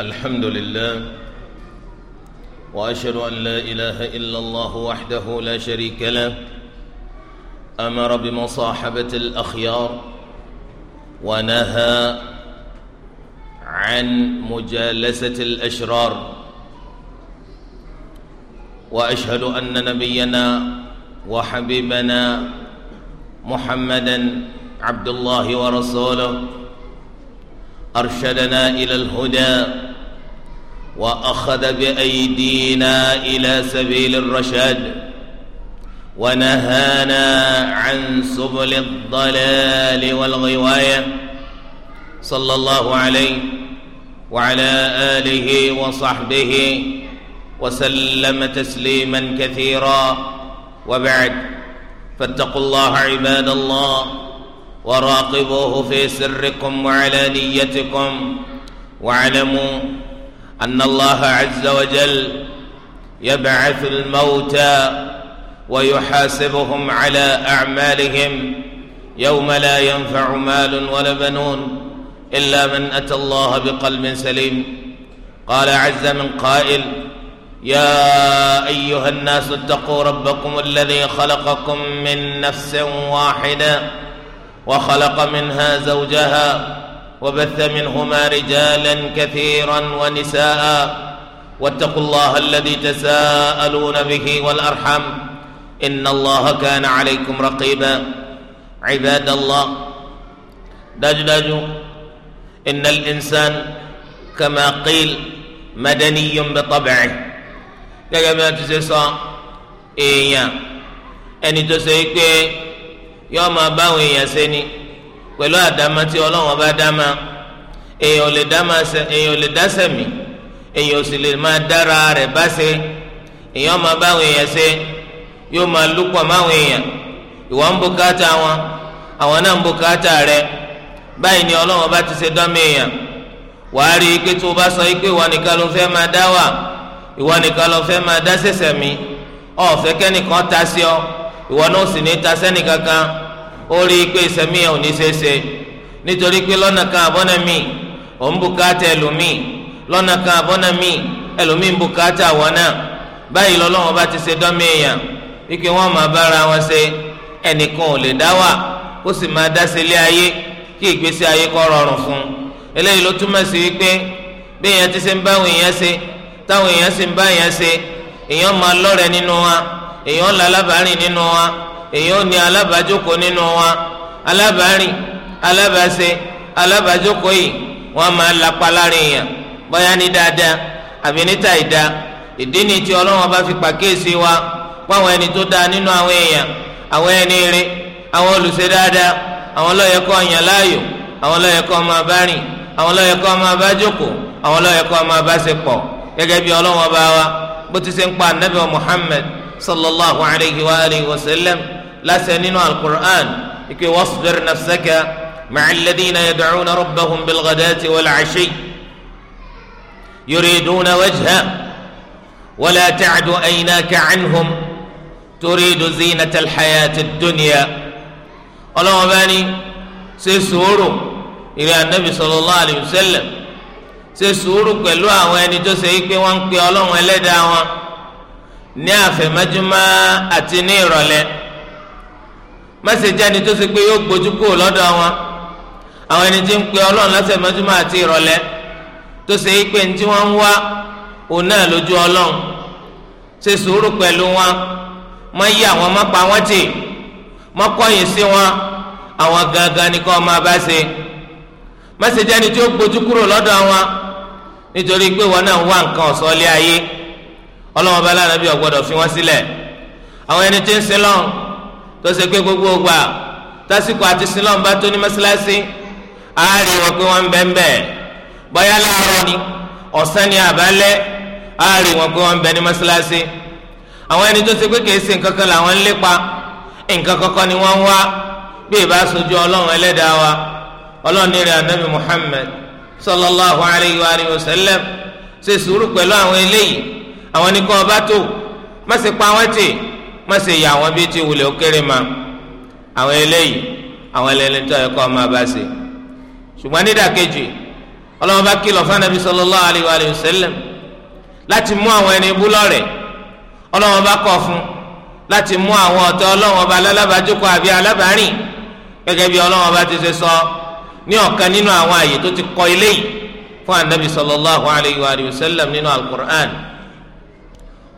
الحمد لله واشهد ان لا اله الا الله وحده لا شريك له امر بمصاحبه الاخيار ونهى عن مجالسه الاشرار واشهد ان نبينا وحبيبنا محمدا عبد الله ورسوله ارشدنا الى الهدى واخذ بايدينا الى سبيل الرشاد ونهانا عن سبل الضلال والغوايه صلى الله عليه وعلى اله وصحبه وسلم تسليما كثيرا وبعد فاتقوا الله عباد الله وراقبوه في سركم وعلانيتكم واعلموا أن الله عز وجل يبعث الموتى ويحاسبهم على أعمالهم يوم لا ينفع مال ولا بنون إلا من أتى الله بقلب سليم قال عز من قائل يا أيها الناس اتقوا ربكم الذي خلقكم من نفس واحدة وخلق منها زوجها وبث منهما رجالا كثيرا ونساء واتقوا الله الذي تساءلون به والارحم ان الله كان عليكم رقيبا عباد الله داج ان الانسان كما قيل مدني بطبعه gẹ́gẹ́ bí wọ́n ti ṣe sọ èèyàn ẹni tó ṣe pẹ̀lú àdámá tí ọlọ́run ọba dámá èèyàn ò lè dámá ṣe èèyàn ò lè dáṣẹ̀ mí èèyàn ò sì lè máa dára rẹ̀ bá ṣe èèyàn máa báwọn èèyàn ṣe yóò máa lúpọ̀ máwọn èèyàn ìwọ ń bùkátà wọn àwọn náà ń bùkátà rẹ̀ báyìí ni ọlọ́run ọba ti ṣe dánmọ̀ èèyàn wàá rí i pé tó o bá sọ pé ìwọ nìkan ló fẹ́ máa dá wà ìwọ nìkan ló fẹ́ máa dá ṣẹ̀ṣẹ̀ mí ọ̀fẹ́ kẹ́nìkan ta sí ọ ìwọ náà sì ní ta sẹ́nìkankan orí rí pé ìsẹ̀mí ẹ̀ ò ní ṣeéṣe nítorí pé lọ́nà kan àbọ́nà mi òun bùkátà ẹlòmíì lọ́nà kan àbọ́nà mi bùkátà náà báyìí bá ti ṣe dánmí èèyàn wípé wọ́n máa bára wọn ṣe ẹnìkan ò lè dá wà ó sì máa dá ilé ayé kí ìgbésí ayé rọrùn fún un eléyìí ló túmọ̀ sí wípé bí èèyàn èèyàn ò ní alábàájókòó nínú wọn alábàárìn alábàáṣe alábàájókòó yìí wọn máa lapa lára èèyàn bóyá ní dáadáa àbí níta ìdá ìdí ni tí ọlọ́wọ́n bá fi pàkíyèsí wa fáwọn ẹni tó dáa nínú àwọn èèyàn àwọn ẹni rí àwọn olùṣe dáadáa àwọn lọ́yẹ̀ kọ́ ọ̀yàn láàyò àwọn lọ́yẹ̀ kọ́ bá rìn àwọn lọ́yẹ̀ kọ́ bá jókòó àwọn lọ́yẹ̀ kọ́ bá ṣe pọ̀ gẹ́gẹ́ bí ọlọ́wọ́n bá wa bó ti ṣe ń pa anabi muhammed sallallahu alayhi wa sallam lásẹ̀ nínú alukur'an ike wasbir nafsaka macaladina yadacuna rabbahum bilgadati walcashi yuriduna wajha wala tacdu aynaka canhum turidu zinata alxayati dunya ọlọ́wọ́n bá ní ṣe sùúrù ìrìn anabi sallallahu alayhi wa sallam ṣe sùúrù pẹ̀lú àwọn ẹni tó ṣe pé wọ́n ń pe ẹlẹ́dàá wọn ní àfẹ̀mẹ́júmọ́ àti ní ìrọ̀lẹ́ mẹsẹ̀ jẹ́ ẹni tó ṣe pé yóò gbójú kúrò lọ́dọ̀ wọn àwọn ẹni tí ń pe ọlọ́run lọ́sẹ̀ mọ́júmọ́ àti ìrọ̀lẹ́ tó ṣe é pé ní tí wọ́n ń wá òun náà lójú ọlọ́run ṣe sùúrù pẹ̀lú wọn mọ yí àwọn má pa tì mọ kọ̀yìn sí wọn àwọn gangan ni kò máa bá ṣe mẹsẹ̀ ẹni tí ó gbójú kúrò lọ́dọ̀ wọn nítorí fi sílẹ̀ àwọn ẹni tí ń tó ṣe pé gbogbo gbà tásìkò àti sinlọ́n bá tó ní mọ́ṣáláṣí á rí wọn pé wọ́n ń bẹ́ ń bẹ́ bọ́yá láàárọ̀ ni ọ̀sán ni àbálẹ́ á rí wọn pé wọ́n ń bẹ ní mọ́ṣáláṣí àwọn ẹni tó ṣe pé kìí ṣe nǹkan kan làwọn ń lépa nǹkan kọ́kọ́ ni wọ́n ń wá bí ìbá sojú ọlọ́run ẹlẹ́dàá wa ọlọ́run ní rẹ̀ anabi Muhammad sallallahu alayhi wa sallam ṣe sùúrù pẹ̀lú àwọn eléyìí àwọn ni kọ́ ọba tó má ṣe pa wọ́n tì má ṣe yà àwọn bíi ti wulẹ̀ ó kéré ma àwọn eléyìí àwọn ẹlẹ́ni tó yẹ kọ́ ọ máa bá ṣe ṣùgbọ́n nídàkejì ọlọ́wọ́n bá kìlọ̀ fún anabi sallallahu alayhi wa sallam láti mú àwọn ẹni bú lọ́rẹ̀ ọlọ́wọ́n bá kọ̀ fún láti mú àwọn ọ̀tọ̀ ọlọ́wọ́n bá alábàájókòó àbí alábàárìn gẹ́gẹ́ bí ọlọ́wọ́n bá ti ṣe sọ ní ọ̀kan nínú àwọn àyè tó ti kọ eléyìí fún anabi sallallahu alayhi wa sallam nínú al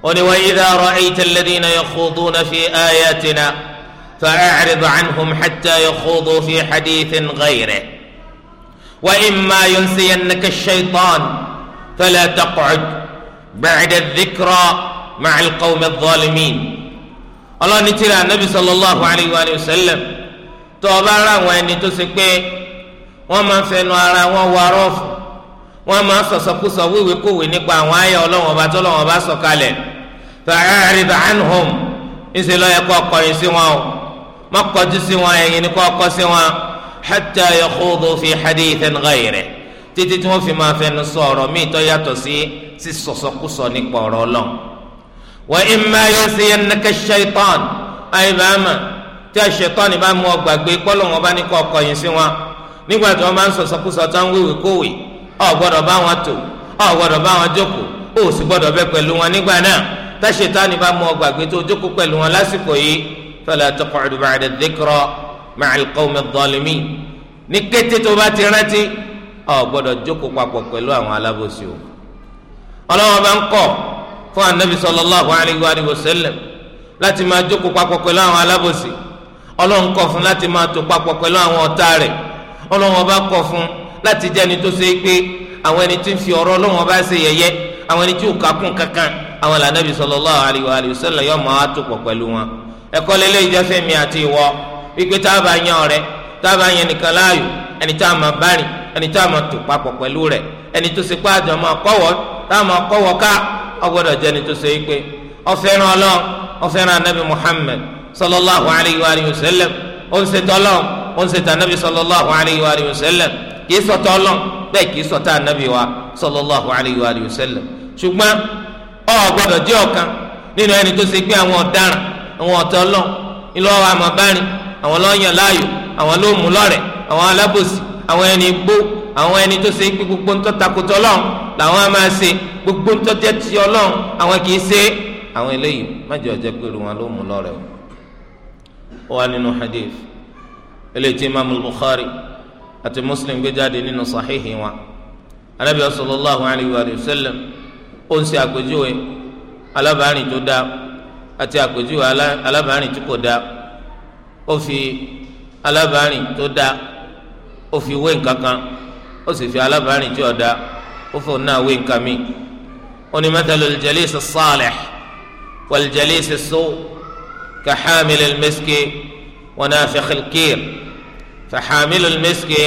oni wa idha ra'ayta alladhina yakhuduna fi ayatina fa'a'rid anhum hatta yakhudu fi hadithin ghayrihi wa imma yunsiyannaka ash-shaytan fala taq'ud ba'da adh-dhikra ma'a al-qawmi adh-dhalimin Allah ní tírà nabi sallallahu alayhi wa sallam tó bá ra àwọn ẹni tó ṣe pé wọ́n máa ń fẹnu ara wọn wọ arọ́fù wọ́n máa ń sọ̀sọ̀kúsọ wíwèé kòwé nípa àwọn àyà Ọlọ́hun Ọba tó Ọlọ́hun Ọba sọ̀kalẹ̀ fa'arid anhum ìṣe lọ́yẹ kọ́ kọ̀yìn sí wọn o má kọjú sí wọn ẹ̀yìn ni kọ́ kọ́ sí wọn hatta yakhudu fi hadithin ghayrihi títí tí wọ́n fi máa fẹnu sọ ọ̀rọ̀ míì tó yàtọ̀ sí sísọ̀sọ̀kúsọ nípa ọ̀rọ̀ Ọlọ́run. wa imma yunsiyannaka ash-shaytan àìbáàmà tí àṣetọ́ni bá mú ọ gbàgbé pọ́lọ́wọ́n bá ní kọ́ kọ̀yìn sí wọn nígbà tí wọ́n bá ń sọ̀sọ̀kúsọ tán wíwì kówì ọ̀ gbọ́dọ̀ bá wọn tò ọ̀ gbọ́dọ̀ bá wọn jókòó ó sì gbọ́dọ̀ bẹ pẹ̀lú wọn nígbà náà táṣetánì bá mú ọ gbàgbé tó jókòó pẹ̀lú wọn lásìkò yìí fala taq'ud ba'da dhikra ma'al qawmi adh-dhalimin ní kété tó bá ti rántí ọ gbọ́dọ̀ jókòó papọ̀ pẹ̀lú àwọn alábòsí o ọlọ́wọ́n bá ń kọ̀ fún anabi sallallahu alayhi wa sallam láti máa jókòó papọ̀ pẹ̀lú àwọn alábòsí ọlọ́run kọ̀ fún láti máa tò papọ̀ pẹ̀lú àwọn ọ̀tá rẹ̀ ọlọ́run ọba kọ̀ fún láti àwọn lànàbì sallallahu alayhi wa alihi wa sallam yóò máa tó pọ̀ pẹ̀lú wọn ẹ̀kọ́ lélẹ́ ìjọsìn mi àti ìwọ wípé tá a bá yan ọ̀rẹ́ tá a bá yan nìkan láàyò ẹni tá a máa bá rìn ẹni tá a máa tó papọ̀ pẹ̀lú rẹ̀ ẹni tó ṣe pé àjọ máa kọ́wọ́ tá a máa kọ́wọ́ ká ọgbọ́dọ̀ jẹ́ ẹni tó ṣe pé ó fẹ́ràn Ọlọ́run ó fẹ́ràn anabi Muhammad sallallahu alayhi wa alihi wa sallam ọ gbọ́dọ̀ jẹ́ ọ̀kan nínú ẹni tó ṣe pé àwọn ọ̀daràn àwọn ọ̀tọ̀ lọ ńlọ àmọ̀bárin àwọn lọ́yàn láàyò àwọn ló mú lọ́rẹ̀ àwọn alábòsí àwọn ẹni gbó àwọn ẹni tó ṣe pé gbogbo ńtọ́ takotọ́ lọ́hùn làwọn á máa ṣe gbogbo ńtọ́ jẹ́ ti ọlọ́hùn àwọn kì í ṣe àwọn eléyìí májè ọ̀jẹ̀ pé wọn ló mú lọ́rẹ̀ o wà nínú hadith eléyìí tí imaamu Bukhari àti Muslim gbé jáde nínú sahihi wa anabi sallallahu alayhi wa sallam ó ń ṣe àpèjúwe alábàárìn tó dáa àti àpèjúwe alábàárìn tí kò dáa ó fi alábàárìn tó dáa ó fi wé nǹkan kan ó sì fi alábàárìn tí ò dáa ó fò náà wé nǹkan mi ó ní mathalul jalis as-salih wal jalis as-su' ka hamilil miski wa nafikhil kir fa hamilul miski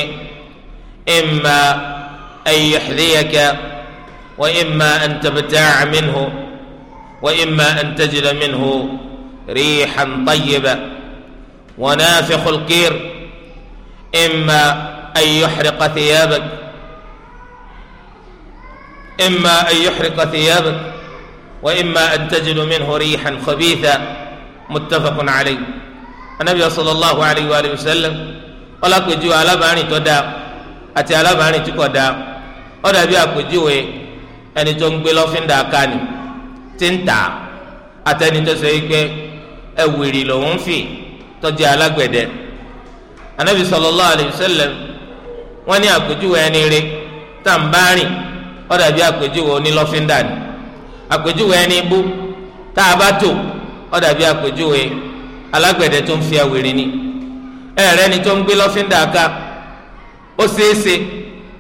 imma an yuhdhiyaka. وإما أن تبتاع منه وإما أن تجد منه ريحا طيبة ونافخ القير إما أن يحرق ثيابك إما أن يحرق ثيابك وإما أن تجد منه ريحا خبيثة متفق عليه النبي صلى الله عليه وآله وسلم قال أكو جوا على باني تدا أتي على باني تكو دا أو بي أكو ẹni tó ń gbé lọ́fíńdà kánì tí ń tà àtẹni tó sọ pé lòún anabi wọ́n ní àpèjúwe ẹni rí tá n bá rìn ó dàbí àpèjúwe onílọ́fíńdà ni àpèjúwe ẹni bú tá a bá tò ó dàbí àpèjúwe alágbẹ̀dẹ tó ń fi ni ẹ̀rẹ́ ni tó ń gbé lọ́fíńdà ká ó ṣeéṣe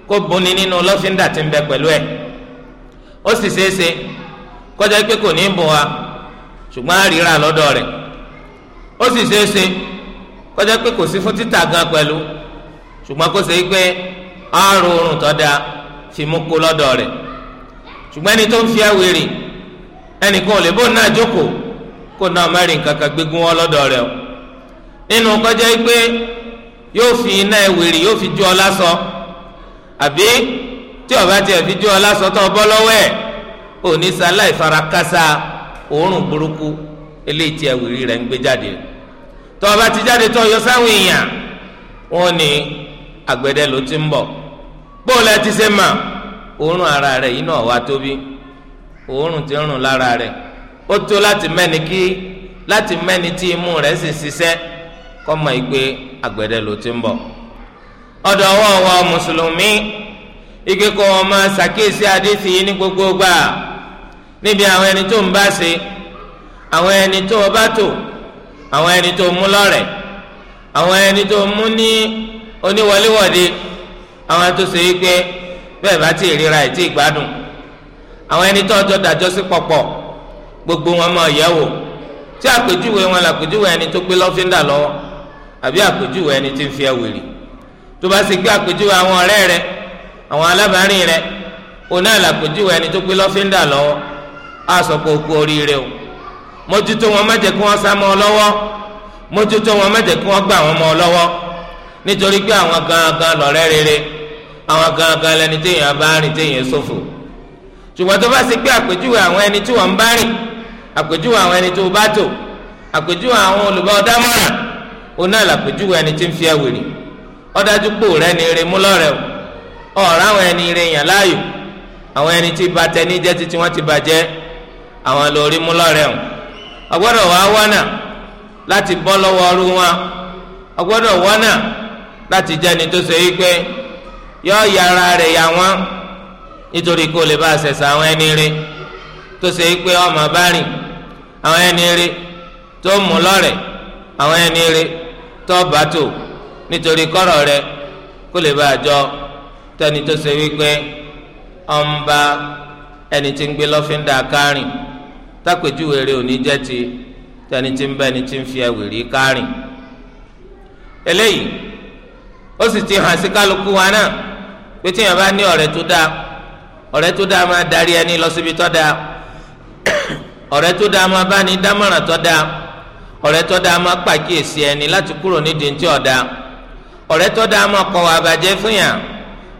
kó ó sì ṣeéṣe kọjá pé kò ní bùn wa ṣùgbọ́n á ríra lọ́dọ̀ rẹ̀ ó sì ṣeéṣe kọjá pé kò sí fún títà gan pẹ̀lú ṣùgbọ́n kó ṣe pé fi mú kó lọ́dọ̀ rẹ̀ ṣùgbọ́n ẹni tó ń fi àwèrè ẹnìkan ò lè bó náà jókòó kó náà kankan gbégún wọn o nínú kọjá pé yóò fi iná yóò fi ju tí ọba tiẹ̀ fi jó ọlá sọ́tọ̀ ẹ̀ òórùn burúkú eléyìí tí ẹwìrì rẹ̀ ń gbé jáde ọba ti jáde tó yọ sáwọn èèyàn wọn ni ló ti ń bọ̀ ara rẹ̀ yìí náà wá tóbi òórùn ti rẹ̀ ó tó láti kí láti tí imú sì kọ́ ti ń ọwọ́ ike kọ́ ọ máa ṣàkíyèsí àdéhìí yìí ní gbogbo gbà níbi àwọn ẹni tó ń bá ṣe àwọn ẹni tó o bá tò àwọn ẹni tó mú lọ́rẹ̀ àwọn ẹni tó mú ní oníwọléwọ̀de àwọn tó ṣe é pé bẹ́ẹ̀ bá ti ríra ẹ̀ tí ì gbádùn àwọn ẹni tó ọjọ́ dàjọ́ sí pọ̀pọ̀ gbogbo wọn máa yẹ̀ wò tí àpèjúwe wọn làpèjúwe ẹni tó gbé lọ́fíńdà lọ́wọ́ àbí àpèjúwe ẹni tí ń fi ẹ̀wìrì tó bá sì gbé àpèjúwe àwọn ọ̀rẹ́ rẹ̀ àwọn alábàárìn rẹ oní àlàpèjúwe ẹni tó gbé lọ́fíńdà lọ́wọ́ á sọ pé okú oríire o mójútó wọn má jẹ́ kí wọ́n sá mọ́ ọ lọ́wọ́ mójútó wọn má jẹ́ kí wọ́n gbà wọ́n mọ́ ọ lọ́wọ́ nítorí pé àwọn gangan lọ̀rẹ́ rere àwọn gangan lẹni téèyàn bá rìn téèyàn ṣòfò ṣùgbọ́n tó bá ṣe pé àpèjúwe àwọn ẹni tí wọ́n ń bá rìn àpèjúwe àwọn ẹni tó bá tò àpèjúwe àwọn olùbá ọ̀dámọ̀ràn oná làpèjúwe ẹni tí ń fi ẹ̀wìrì ọ̀dájú pò ọ̀rọ̀ àwọn ẹni rẹ̀ yàn láàyò àwọn ẹni tí bàtẹ́ ní jẹ́ títí wọ́n ti bàjẹ́ àwọn lórí mú lọ́rẹ̀ wọn ọgbọ́dọ̀ wá wọ́nà láti bọ́ lọ́wọ́ ọrú wọn ọgbọ́dọ̀ wọ́nà láti jẹ́ ẹni tó ṣe yí pé yọ yàrá rẹ̀ yà wọ́n nítorí kó lè bá àṣẹṣà àwọn ẹni rẹ̀ tó ṣe yí pé ọmọ bá rìn àwọn ẹni rẹ̀ tó mú lọ́rẹ̀ àwọn ẹni rẹ̀ tó bàtò nítorí kọ́rọ̀ rẹ̀ kó lè bá àjọ. tẹni tó ṣe wípé ọ̀nba ẹni tí ń gbé lọ́fíńdà kárìn tápèjúwe rẹ̀ òní jẹ́ ti tẹni tí ń ẹni tí fi kárìn. eléyìí ó sì ti hàn sí kálukú wa náà pé tí bá ní ọ̀rẹ́ tó dáa ọ̀rẹ́ tó dáa máa darí ẹni lọ síbi tó dáa ọ̀rẹ́ tó dáa máa bá ní dámọ̀ràn tó dáa ọ̀rẹ́ tó dáa máa pàkíyèsí ẹni láti kúrò nídìí tí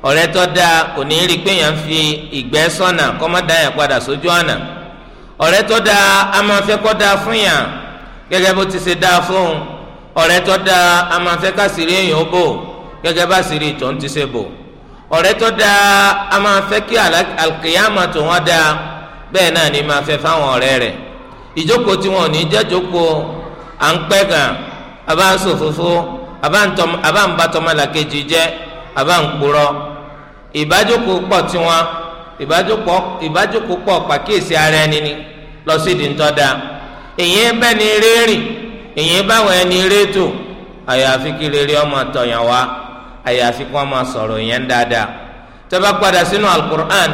ọ̀rẹ́ tọ́ dáa kò ní rí i pé yàn fi ìgbẹ́ sọ́nà kó má dá yàn padà sójú ọ̀nà ọ̀rẹ́ tọ́ dáa a máa fẹ́ dáa fún yàn gẹ́gẹ́ bó ti ṣe dáa fún un ọ̀rẹ́ tọ́ dáa a máa fẹ́ ká sírí èèyàn bò gẹ́gẹ́ bá a máa fẹ́ kí tó wọ́n bẹ́ẹ̀ náà ni máa fẹ́ fáwọn ọ̀rẹ́ rẹ̀ ìjókòó tí wọn ò ní jẹ́ jókòó à ń pẹ́ ìbájókòó pọ̀ tiwọn ìbájókòó pọ̀ pàkíyèsí ara ẹni ni lọ sí ìdí èyàn bẹ́ ni rérìn èyàn báwọn ẹni rétò àyàfi kí rere ọmọ tọ̀yàn wá àyàfi kí wọ́n máa sọ̀rọ̀ yẹn dáadáa tẹ́bá padà sínú alukur'an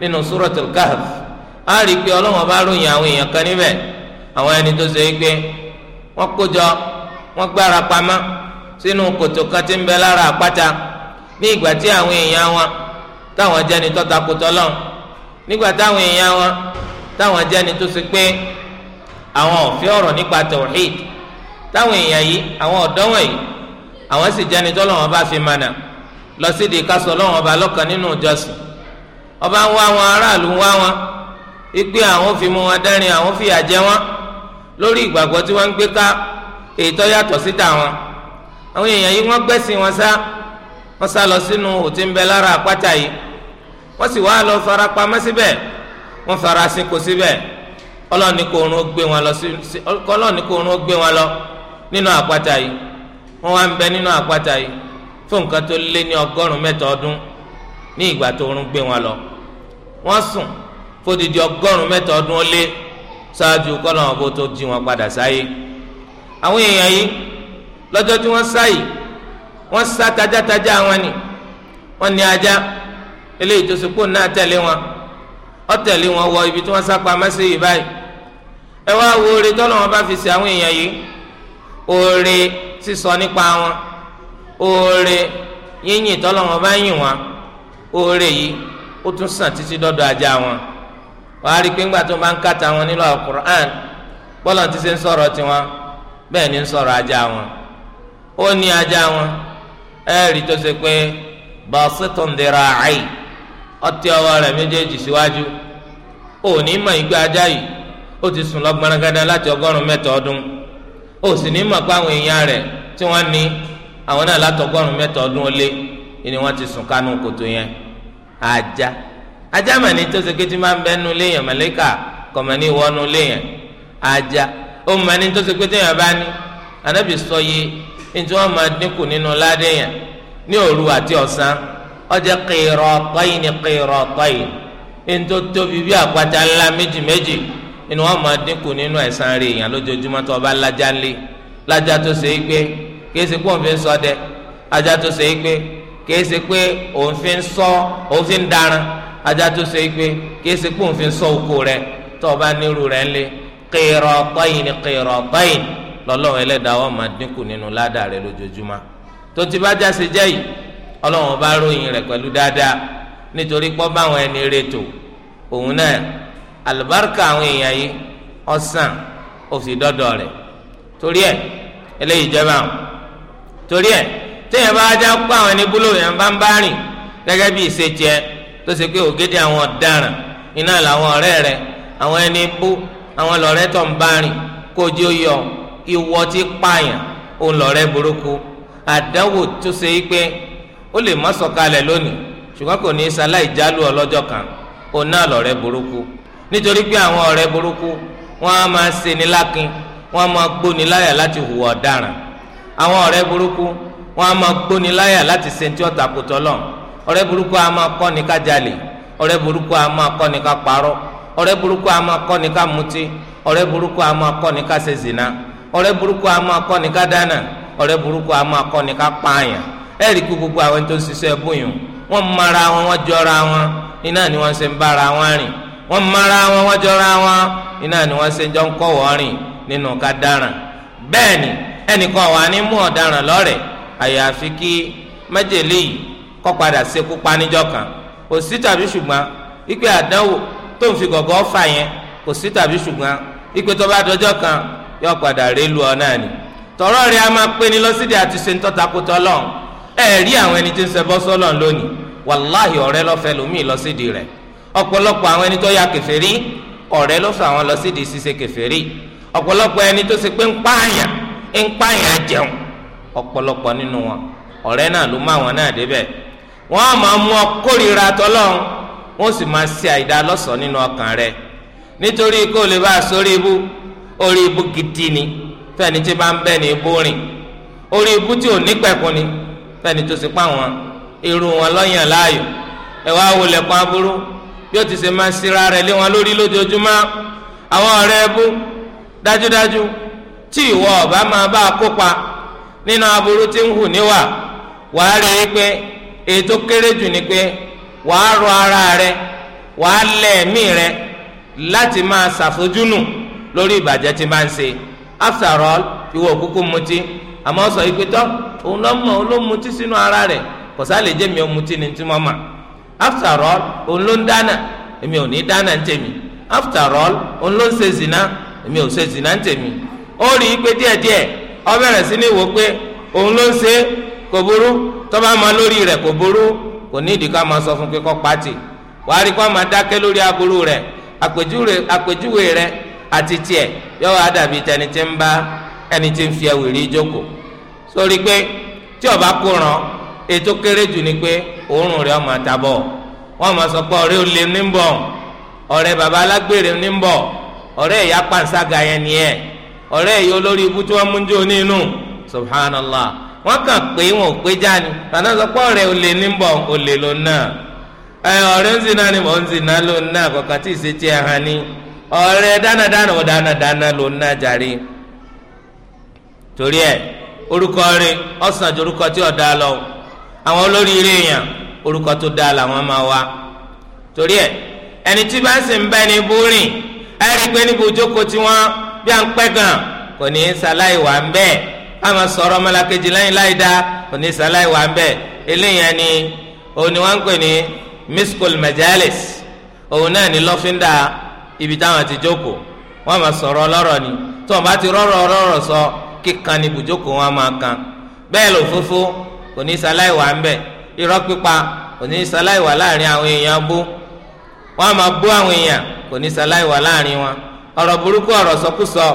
nínú suratul kahf á rí i pé ọlọ́wọ́n bá ròyìn àwọn èèyàn kan níbẹ̀ àwọn ẹni tó ṣe é pé wọ́n kójọ wọ́n gbára pamọ́ sínú kòtò kan tí ń bẹ lára àpáta ní ìgbà tí àwọn èèyàn wọn táwọn jẹni tó tako tọlọ́n nígbà táwọn èèyàn wọn táwọn jẹni tó ṣe pé àwọn ọ̀fẹ́ ọ̀rọ̀ nípa tawhid táwọn èèyàn yìí àwọn ọ̀dọ́ wọ̀nyí àwọn sì jẹni tó lọ́wọ́n bá fi mànà lọ sí di kásọ̀ lọ́wọ́n bá lọ́kàn nínú ìjọsìn ọba ń wá wọn aráàlú ń wá wọn ipe àwọn fi mú wọn dẹ́rìn àwọn fìyà jẹ wọn lórí ìgbàgbọ́ tí wọ́n ń gbé ká èyí tó yàtọ̀ síta wọn àwọn èèyàn yìí wọ́n gbẹ́sìn wọn sá wọ́n sá lọ sínú òtí ń bẹ lára àpáta yìí wọ́n sì wá lọ fara pamọ́ síbẹ̀ wọ́n fara sínkù síbẹ̀ ọlọ́ọ̀ni kò rún gbé wọn lọ ọlọ́ọ̀ni kò rún gbé wọn lọ nínú àpáta yìí wọ́n wá ń bẹ nínú àpáta yìí fún nǹkan tó lé ní ọgọ́rùn-ún mẹ́ta ọdún ní ìgbà tó rún gbé wọn lọ wọ́n sùn fódìdí ọgọ́rùn-ún mẹ́ta ọdún ó lé ṣáájú kọ́lọ́ọ̀bù tó jí wọn padà sáyé àwọn èèyàn yìí lọ́jọ́ tí wọ́n sáyìí wọ́n sá tajàtajà wọn ni wọ́n ni ajá eléyìí tó sèpò náà tẹ̀lé wọn ọ tẹ̀lé wọn wọ ibi tí wọ́n sá pamọ́ sí yìí báyìí ẹ wá wo oore tọ́lọ́ wọn bá fi sí àwọn èèyàn yìí oore sísọ nípa wọn oore yíyìn tọ́lọ́ wọn bá yìn wọn oore yìí ó tún sàn títí dọ́dọ̀ ajá wọn rí pé ńgbà tó bá ń kàtà wọn nílò bọ́lá ti ni ń sọ̀rọ̀ ẹ̀rí tó ṣe pé basitun dira'ai ọtí ọwọ́ rẹ̀ méjèèjì síwájú òní mọ̀ ìgbà ajá yìí ó ti sùn lọ gbanagada láti ọgọ́rùn mẹ́ta ọdún ó sì ní mọ̀ pé àwọn èèyàn rẹ̀ tí wọ́n ní àwọn náà láti ọgọ́rùn mẹ́ta ọdún ó lé ni wọ́n ti sùn kánú kòtò yẹn ajá ajá mà ní tó ṣe pé tí máa ń bẹ́nu léèyàn màlẹ́kà kọ̀mọ̀ ní léèyàn ajá ó mà tó ṣe bá ní anábì sọ yìí ntí wọn máa dínkù nínú ládéyàn ní òru àti ọ̀sán ọjọ kéèrọ ọtọyìn ní kéèrọ ọtọyìn ntó tóbi bí àpáta ńlá méjì méjì ni wọn máa dínkù nínú ẹ̀san rẹ̀ èèyàn lójoojúmọ́ tó bá lájà ńlẹ lájà tó ṣe é gbé kéésì pé òun fi ń sọ dẹ ajá tó ṣe é gbé kéésì pé òun fi ń sọ òun fi ń daran ajá tó ṣe é gbé kéésì pé òun fi ń sọ oko rẹ̀ tó bá nírú rẹ̀ ńlẹ kéèrọ ọtọyìn ní kéèrọ ọtọyìn lọ́lọ́run ẹlẹ́dàá wọn máa dínkù nínú ládàá rẹ lójoojúmọ́ tó ti bá jáse jẹ́ yìí ọlọ́run bá ròyìn rẹ̀ pẹ̀lú dáadáa nítorí pọ́ báwọn ẹni retò òun náà àlùbáríkà àwọn èèyàn yìí ọ̀sán òsì dọ́dọ̀ rẹ̀ torí ẹ̀ eléyìí jẹ́ báwọn torí ẹ̀ téèyàn bá já pé àwọn ẹni búlò yẹn bá ń bá rìn gẹ́gẹ́ bí ìṣèjẹ́ tó ṣe pé ògidì àwọn ọ̀daràn iná làwọn ọ̀rẹ́ rẹ̀ àwọn ẹni bú àwọn lọ̀rẹ́ tó ń bá rìn kó o jẹ́ ó yọ ìwọ ti pààyàn òun lọ̀rẹ́ burúkú àdánwò tó ṣe é pé ó lè má sọ̀kalẹ̀ lónìí ṣùgbọ́n kò ní í ṣaláì jálù ọlọ́jọ́ kan òun náà lọ̀rẹ́ burúkú nítorí pé àwọn ọ̀rẹ́ burúkú wọ́n á máa ṣe ní lákin wọ́n á máa gbóni láyà láti hùwà ọ̀daràn àwọn ọ̀rẹ́ burúkú wọ́n á máa gbóni láyà láti ṣe tí ọ̀tà kò tọ́lọ̀ ọ̀rẹ́ burúkú á máa kọ́ ni ká jalè ọ̀rẹ́ burúkú á máa kọ́ ni ká parọ́ ọ̀rẹ́ burúkú á máa kọ́ ni ká mutí ọ̀rẹ́ burúkú á máa kọ́ ni ká ṣe zina ọ̀rẹ́ burúkú a máa kọ́ ni ká dáná ọ̀rẹ́ burúkú a máa kọ́ ni ká pààyàn ẹ rí gbogbo àwọn tó ń ṣiṣẹ́ bóyún wọ́n mara wọn wọ́n jọra wọn iná ni wọ́n ṣe ń bára wọn rìn wọ́n mara wọn wọ́n jọra wọn iná ni wọ́n ṣe ń jọ ń kọ́ wọ́n rìn nínú ká dáràn bẹ́ẹ̀ ni ẹnìkan wà ní mú ọ̀daràn lọ́rẹ̀ àyàfi kí májèlé yìí kọ́ padà ṣekú paníjọ́ kan kò sí tàbí ṣùgbọ́n ipe àdánwò tó ń fi gọ̀gọ́ fà yẹn kò sí tàbí ṣùgbọ́n ipe tó bá dọjọ́ kan yọ padà ọ náà ni tọrọ rẹ a máa pé ni àti ṣe ń tọ́ta kó ẹ rí àwọn ẹni tí ń ṣe bọ́ lónìí wàláhì ọ̀rẹ́ lọ́fẹ́ lómi ọ̀pọ̀lọpọ̀ ẹni tó ya kèfèrí ọ̀rẹ́ lọ́fẹ́ àwọn lọsídìí ṣiṣẹ́ ọ̀pọ̀lọpọ̀ ẹni tó ṣe pé ń pààyàn ń pààyàn jẹun ọ̀pọ̀lọpọ̀ nínú wọn ọ̀rẹ́ náà ló má wọ́n á máa mú tọ́lọ́run rẹ̀ nítorí orí ibu gidi ni fẹ́ni tí bá ń bẹ ní ibú rìn orí ibu tí ò ní pẹ̀kun ni fẹ́ni tó sì pa wọn irú wọn lọ́yàn láàyò ẹ wá wọlé kan aburú bí ó ti ṣe máa ṣíra rẹ̀ lé wọn lórí lójoojúmọ́ àwọn ọ̀rẹ́ ẹbú dájúdájú tí ìwọ ọba máa bá a kópa nínú aburú tí ń hù níwà wàá rí i pé ètò kéré jù ni pé wàá rọ ara rẹ wàá lẹ ẹ̀mí rẹ láti máa ṣàfojúnù lórí ìbàjẹ́ tí máa ń se after all ìwọ òkúkú mutí àmọ́ sọ yìí pé ohun òun ló mọ̀ òun ló mutí sínú ara rẹ̀ kò sá lè jẹ́ mi ò mutí ni tí mo mọ̀ after all òun ló ń dáná èmi ò ní dáná ń after all òun ló ń se zina èmi ò se zina ń tèmi ó rí i pé díẹ̀díẹ̀ ó sí ní wò pé òun ló ń ṣe kò burú tó bá mọ sọ fún pé kọ́ pàtì wàá rí i kó máa dákẹ́ lórí aburú rẹ̀ àpèjúwe a tiẹ̀ yóò wá dàbí tẹni tí ń bá ẹni tí ń fi ẹwìrì jókòó sórí pé tí ọba kó ràn ètò kéré jù ni pé òórùn rẹ̀ ọmọ àtàbọ wọn mọ sọ pé ọ̀rẹ́ olè ní baba alágbèrè ní bọ ọ̀rẹ́ ìyá yẹn ẹ ìyá olórí ibú tí wọn mú jó subhanallah wọn kàn pé wọn ò pé jáni sọ pé olè ní olè ẹ ń zina ni ọ̀rẹ́ dánadáná wọn dánadáná ló ń ná jàre torí ẹ orúkọ rẹ ọsàn ju orúkọ tí ọdá lọ àwọn olórí ilé yẹn orúkọ tó dáa làwọn máa wá torí ẹ ẹni tí bá ń sìn bẹ́ẹ̀ ni bú rìn ẹ rí i pé níbo ìjókòó tí wọ́n bí à ń pẹ́ gan kò ní í ṣaláì wà ń bẹ́ẹ̀ káma sọ̀rọ̀ ọmọlàkejì lẹ́yìn láì dá kò ní í ṣaláì wà ń bẹ́ẹ̀ eléyìí ni òun ni wọ́n ń pè ní miskul majalis òun náà ní lọ́fíńdà ibi táwọn ti jókòó wọn máa sọ̀rọ̀ ọlọ́rọ̀ ni tí wọn bá ti rọ́rọ̀ ọlọ́rọ̀ sọ kíkan ni ibùjókòó wọn máa kan bẹ́ẹ̀ lòfófó kò ní sáláìwá ń bẹ̀ irọ́ pípa kò ní sáláìwá láàrin àwọn èèyàn bú wọn máa bú àwọn èèyàn kò ní sáláìwá láàrin wọn ọ̀rọ̀ burúkú ọ̀rọ̀ sọkúsọ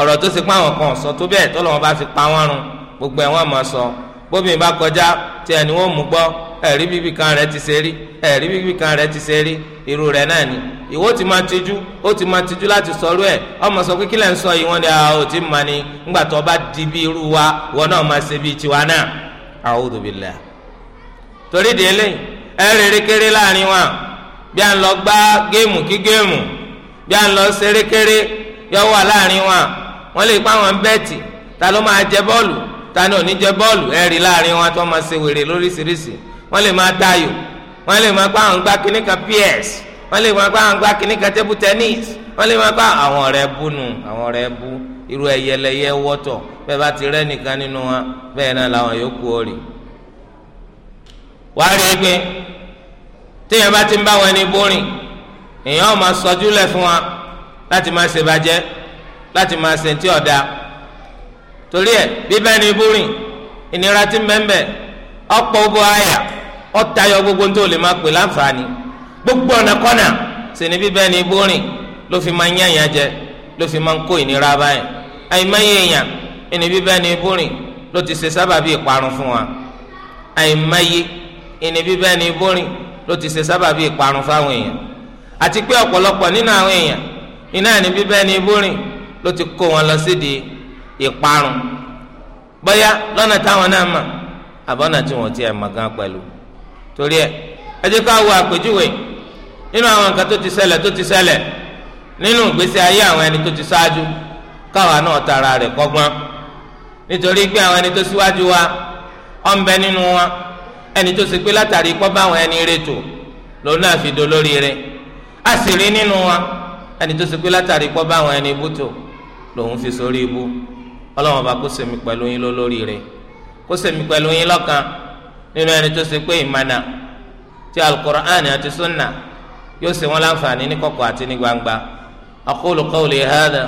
ọ̀rọ̀ tó ti pa àwọn kan sọ tó bẹ́ẹ̀ tó lọ́wọ́ bá fi pa wọ́n run gbogbo ẹ̀ wọ́n máa sọ bóbìnrin bá kọjá tí ẹni wọ́n mú gbọ́ ẹ̀rí bíbí kan rẹ̀ ti ṣe rí ẹ̀rí bíbí kan rẹ̀ ti ṣe rí irú rẹ̀ náà ni ìwọ ti máa tijú ó ti máa tijú láti sọ̀rọ̀ ẹ̀ ọmọ sọ pé kílẹ̀ ń sọ yìí wọ́n di àwọn ò ti máa ńgbà bá di bí irú wa wọn náà máa ṣe bí tiwa náà torí di eléyìí ẹ rere kéré láàrin wa bí a ń lọ gbá géèmù kí géèmù bí a ń lọ kéré yọ láàrin wa wọ́n lè pa àwọn bẹ́ẹ̀tì ta ló máa jẹ bọ́ọ̀lù ta ni ò ní jẹ wọ́n lè máa gbá àwọn gbá kínní kan ps wọ́n lè máa gbá àwọn gbá kínní kan table tennis wọ́n lè máa gbá àwọn ọ̀rẹ́ bú nu àwọn ọ̀rẹ́ bú irú ẹyẹlẹyẹ wọ́tọ̀ bẹ́ẹ̀ bá ti rẹ́ nìkan nínú wọn bẹ́ẹ̀ náà làwọn yòókù ó rì. wàá rí i pé téèyàn bá ti ń bá wọn ní bórìn èèyàn máa sọjú lẹ̀ fún wa láti máa ṣe bàjẹ́ láti máa ṣe tí ọ̀dà torí ẹ̀ bíbẹ́ ní bórìn ìnira ti mẹ́mbẹ́ ọ̀pọ̀ ó àyà ọ̀tayọ gbogbo ní tó lè máa pè láǹfààní gbogbo ọ̀nà kọ́nà sẹni bíbẹ́ ni bórìn ló fi máa ń yàn yàn jẹ ló fi máa ń kó ìnira báyìí àìmáyé èèyàn ẹni bíbẹ́ ni bórìn ló ti ṣe sábàbí ìparun fún wa àìmáyé ẹni bíbẹ́ ni bórìn ló ti ṣe sábàbí ìparun fáwọn èèyàn àti pé ọ̀pọ̀lọpọ̀ nínú àwọn èèyàn iná ẹni bíbẹ́ ni bórìn ló ti kó wọn lọ sídìí ìparun bóyá lọ́nà táwọn náà mọ̀ àbọ̀nà tí wọ́n ti ẹ̀ mọ̀ gan pẹ̀lú torí ẹ ẹ jẹ́ ká wo àpèjúwe nínú àwọn nǹkan tó ti ṣẹlẹ̀ tó ti ṣẹlẹ̀ nínú ìgbésí ayé àwọn ẹni tó ti ṣáájú káwa náà tara rẹ̀ kọ́gbọ́n nítorí pé àwọn ẹni tó síwájú wa ọ̀nbẹ nínú wa ẹni tó ṣe pé látàrí kọ́ bá àwọn ẹni rètò lòun náà fi dolórí rẹ̀ a sì rí nínú wa ẹni tó ṣe pé látàrí kọ́ bá àwọn ẹni bútò lòun fi sórí ibú ọlọ́wọ́n bá kó sèmi pẹ̀lú yín lólórí rẹ̀ kó sèmi pẹ̀lú yín lọ́kàn nínú ẹni tó ṣe pé ìmànà ti alukur'ani àti sunna yóò ṣe wọn láǹfààní ní kọ̀kọ̀ àti ní gbangba aqulu qawli hadha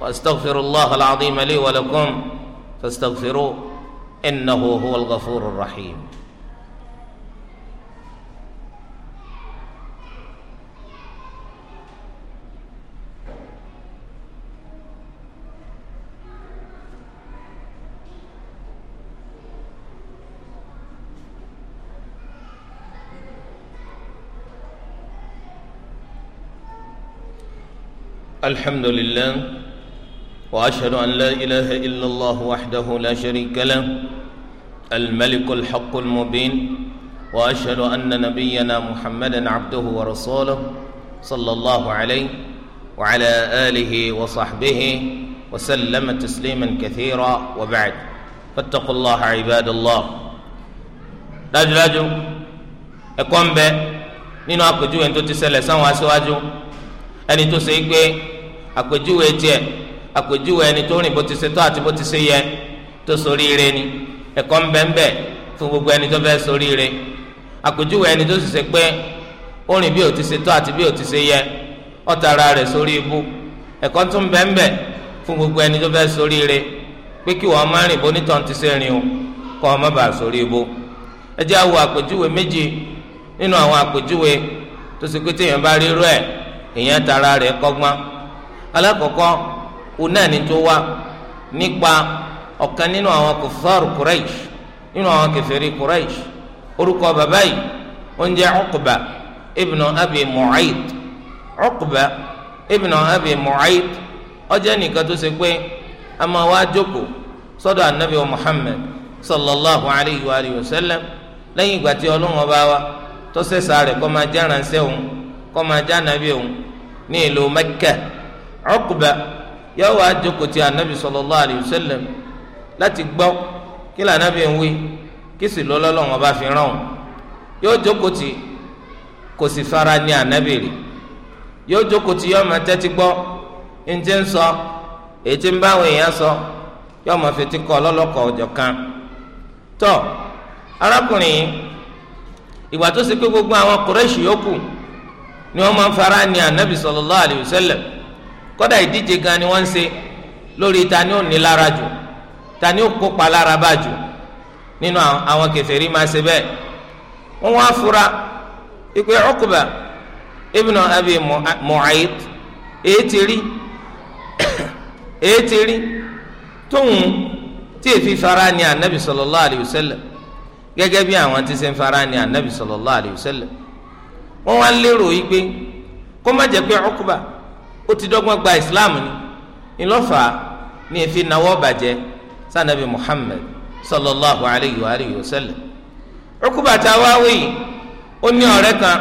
wa astaghfirullaha al-azim li wa lakum fastaghfiruhu rahim. الحمد لله واشهد ان لا اله الا الله وحده لا شريك له الملك الحق المبين واشهد ان نبينا محمدا عبده ورسوله صلى الله عليه وعلى اله وصحبه وسلم تسليما كثيرا وبعد فاتقوا الله عباد الله dájúdájú ẹ̀kọ́ ń بي نينو اكو جو انتو تسلسان sáwọn aṣáájú ẹni سيكوي àpèjúwe tiẹ̀ àpèjúwe ẹni tó rìn bó ti ṣe tó àti bó ti yẹ tó ni gbogbo ẹni tó fẹ́ ire àpèjúwe ẹni tó sì ṣe pé ó rìn bí ó ti ṣe tó àti bí ó ti ṣe yẹ ọ tara rẹ̀ sórí ibu ẹkọ tún ń fún gbogbo ẹni tó fẹ́ ire pé kí wọ́n má rìn bó ṣe rìn o ọ má àwọ àpèjúwe nínú àwọn alákọ̀ọ́kọ́ òun náà ní tó wá nípa ọ̀kan nínú àwọn kòfàrù Quraysh nínú àwọn kèfèrí Quraysh orúkọ bàbá yìí ó ń jẹ́ Uqba ibnu Abi Mu'ayt Uqba ibnu Abi Mu'ayt ó jẹ́ nìkan tó ṣe pé a máa wá jókòó sọ́dọ̀ anabi wa Muhammad sallallahu alayhi wa alihi wa sallam lẹ́yìn ìgbà tí ọlọ́run ọba wa tó ṣẹ̀ṣà rẹ̀ kó máa jẹ́ ránṣẹ́ òun kó máa jẹ́ anabi òun ní ìlú Mẹ́kẹ́ Uqba yóò wá jókòó anabi sallallahu alayhi wa sallam láti gbọ́ kí anabi ń wí lọlọlọ sì lọ́lọ́lọ́wọ́n bá fi ràn ọ́ yóò kò sì fara ní anabi rè yóò jókòó yóò máa tẹ́tí gbọ́ ntí ń sọ ètí ń bá àwọn èèyàn yóò kan tọ arákùnrin ìgbà tó pé gbogbo àwọn ni wọ́n máa fara ní anabi alayhi kódà ìdíje gan ni wọ́n ń ṣe lórí ta ni ó ní lára jù ta ni ó kópa lára bá jù nínú àwọn kèfèrí máa ṣe bẹ́ẹ̀ wọ́n wá fura ìpè Uqba ibn Abi Mu'ayt èyí ti rí èyí ti rí tóun tí èfi fara ni anabi sallallahu alayhi wa sallam gẹ́gẹ́ bí àwọn tí ṣe ń fara ni anabi sallallahu alayhi wa sallam wọ́n wá lérò yìí pé kó má jẹ́ pé Uqba. ó ti dọ́gbọ́n gba islam ni ńlọ́fà ni èéfín náwó bàjẹ́ sanabi muhammed sallallahu alayhi wa alihi wa sallam ukubata wáwí ó ní ọ̀rẹ́ kan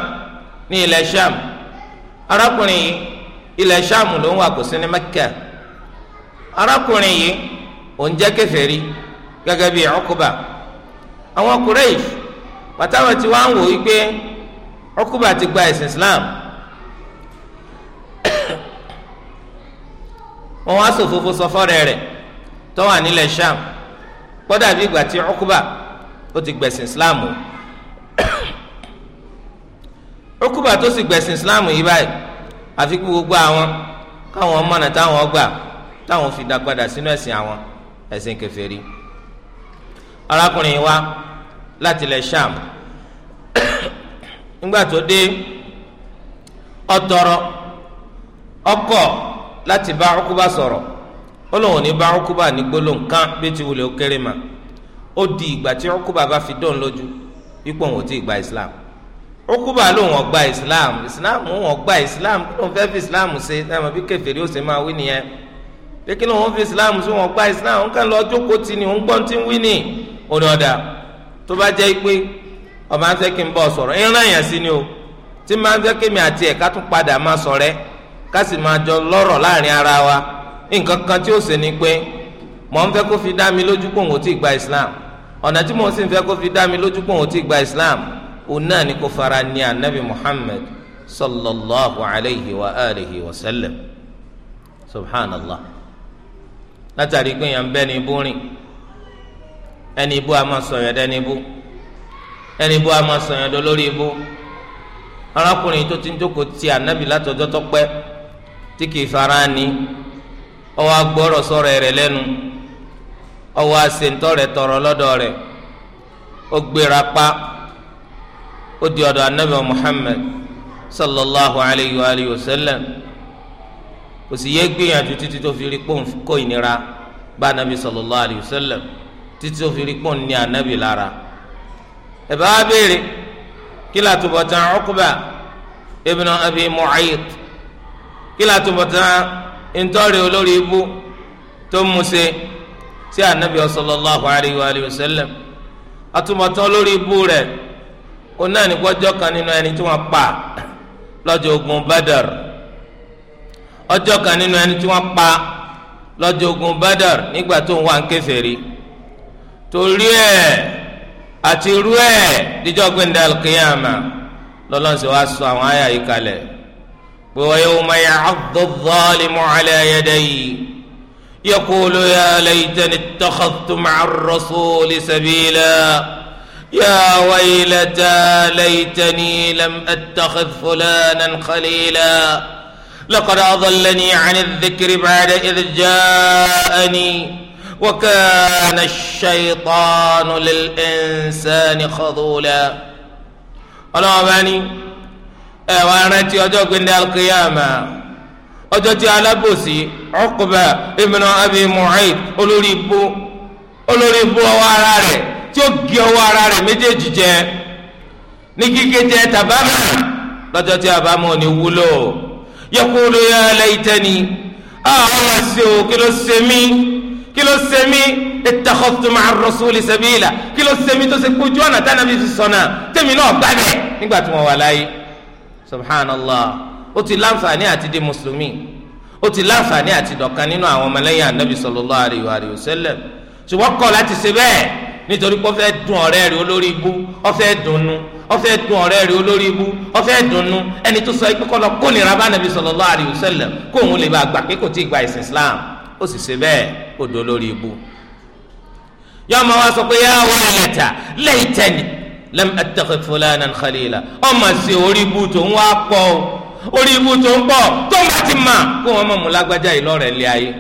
ní ilẹ̀ sham arákùnrin yìí ilẹ̀ sham ló ń wà kò sí ní arákùnrin yìí òun jẹ́ kèfèrí gẹ́gẹ́ bí àwọn islam wọn wá sòfófó sọ rẹ rẹ̀ tó wà sham kódà bí tí ó ti gbẹ̀sìn islam o tó gbẹ̀sìn islam yìí báyìí gbogbo àwọn káwọn mọ̀nà táwọn gbà táwọn fi dàgbàdà sínú àwọn arákùnrin wa láti sham nígbà tó dé láti bá ọkùbá sọ̀rọ̀ ó lóun ní bá ọkùbá ní gbólóhùn kán bí ti wulẹ̀ ó kéré ma ó di ìgbà tí ọkùbá bá fi dán lójú ipò òun ò tí ì gba islam ọkùbá lóun gba islam islam òun gba islam kí lóun fẹ́ fi islam ṣe náà bí pé kí lóun fi islam ṣe n sọ̀rọ̀ ká ma jọ lọrọ láàrin ara wa nǹkan kan tí ó ṣe ni pé mò n fẹ́ kó fi dá mi lójú tí islam ọ̀nà tí mò ń sì kó fi dá mi lójú pé islam òun náà ni kó fara ní anabi muhammad sallallahu alayhi wa alayhi wa sallam subhanallah látàrí pé ni ibú rìn ẹni ibú a máa dẹ́ni ibú ẹni ibú a máa tí kì í fara ni ọwọ́ agbọ́rọ̀ sọ̀rọ̀ rẹ̀ lẹ́nu ọwọ́ asèntọ́ rẹ̀ tọrọ lọ́dọ̀ rẹ̀ ó gbéra pa ó di ọ̀dọ̀ anabi muhammed sallallahu alayhi wa alayhi wa sallam kò sì yé gbìyànjú títí tó fi rí pọ́n kó ìnira bá anabi sallallahu alayhi wa sallam títí tó fi rí pọ́n ní anabi lára ẹ̀ bá a béèrè kí látúbọ̀ tán Uqba ibn abi Mu'ayt kí la tó bọ̀tán ntọ́rẹ̀ olórí ibú tó mú ṣe sí anabi sallallahu alayhi wa sallam atúmọ̀tán olórí ibú rẹ̀ onáà ní kọjọ́ kan nínú ẹni tí wọ́n pa lọ́jọ́ ogun badar ọjọ́ kan nínú ẹni tí wọ́n pa lọ́jọ́ ogun badar nígbà tó ń wá ń kèfèrí torí ẹ̀ àti irú ẹ̀ díjọ́ gbẹ̀ndẹ̀ alqiyama lọ́lọ́sẹ̀ wá sọ àwọn àyà yìí kalẹ̀. ويوم يعض الظالم على يديه يقول يا ليتني اتخذت مع الرسول سبيلا يا ويلتى ليتني لم اتخذ فلانا خليلا لقد اضلني عن الذكر بعد اذ جاءني وكان الشيطان للانسان خذولا اللهم bá ẹ wá rántí ọjọ́ gbẹndé alkiyama ọjọ́ tí alábòsí Uqba ibn Abi Mu'ayt olórí ibú olórí ibú ọwọ́ ara rẹ̀ tí ó gé ọwọ́ ara rẹ̀ méjèèjì jẹ ní kíkẹ́ jẹ tàbámà lọ́jọ́ tí àbámọ̀ ni wúlò yaqulu ya laytani àwọn máa ṣe o kí ló ṣe mí kí ló ṣe mí ittakhadhtu ma'a ar kí ló ṣe mí tó ṣe kójú ọ̀nà tánàbí fi sọ̀nà tèmi náà gbàgbẹ́ nígbà tí wọ́n wà láyé subhanallah ó ti láǹfààní àti di mùsùlùmí ó ti láǹfààní àti dọ̀kan nínú àwọn ọmọlẹ́yìn anabi sallallahu alayhi wa sallam ṣùgbọ́n kọ̀ láti ṣe bẹ́ẹ̀ nítorí pé ó fẹ́ dùn ọ̀rẹ́ rẹ̀ olórí ibú ó fẹ́ dùnnú ó fẹ́ dùn ọ̀rẹ́ rẹ̀ olórí ibú ó fẹ́ dùnnú ẹni tó sọ pé kọ́ lọ kó nira bá anabi sallallahu alayhi wa sallam kó òun lè bá gbà pé kò tí ì gba ìsìn islam ó sì ṣe bẹ́ẹ̀ ó dùn olórí ibú yọ́ọ́ máa wá sọ pé yá wàhálà ta lẹ́yìn tẹ́ni lẹ́m ẹ̀tẹ̀kẹ̀ fúlẹ́nàn khalila ọmọ sí orí ibú tó ń wá pọ̀ orí ibú tó ń pọ̀ tó ń bá ti mà kó wọn mọ̀ mú lágbájá yìí lọ́rẹ̀ lé ayé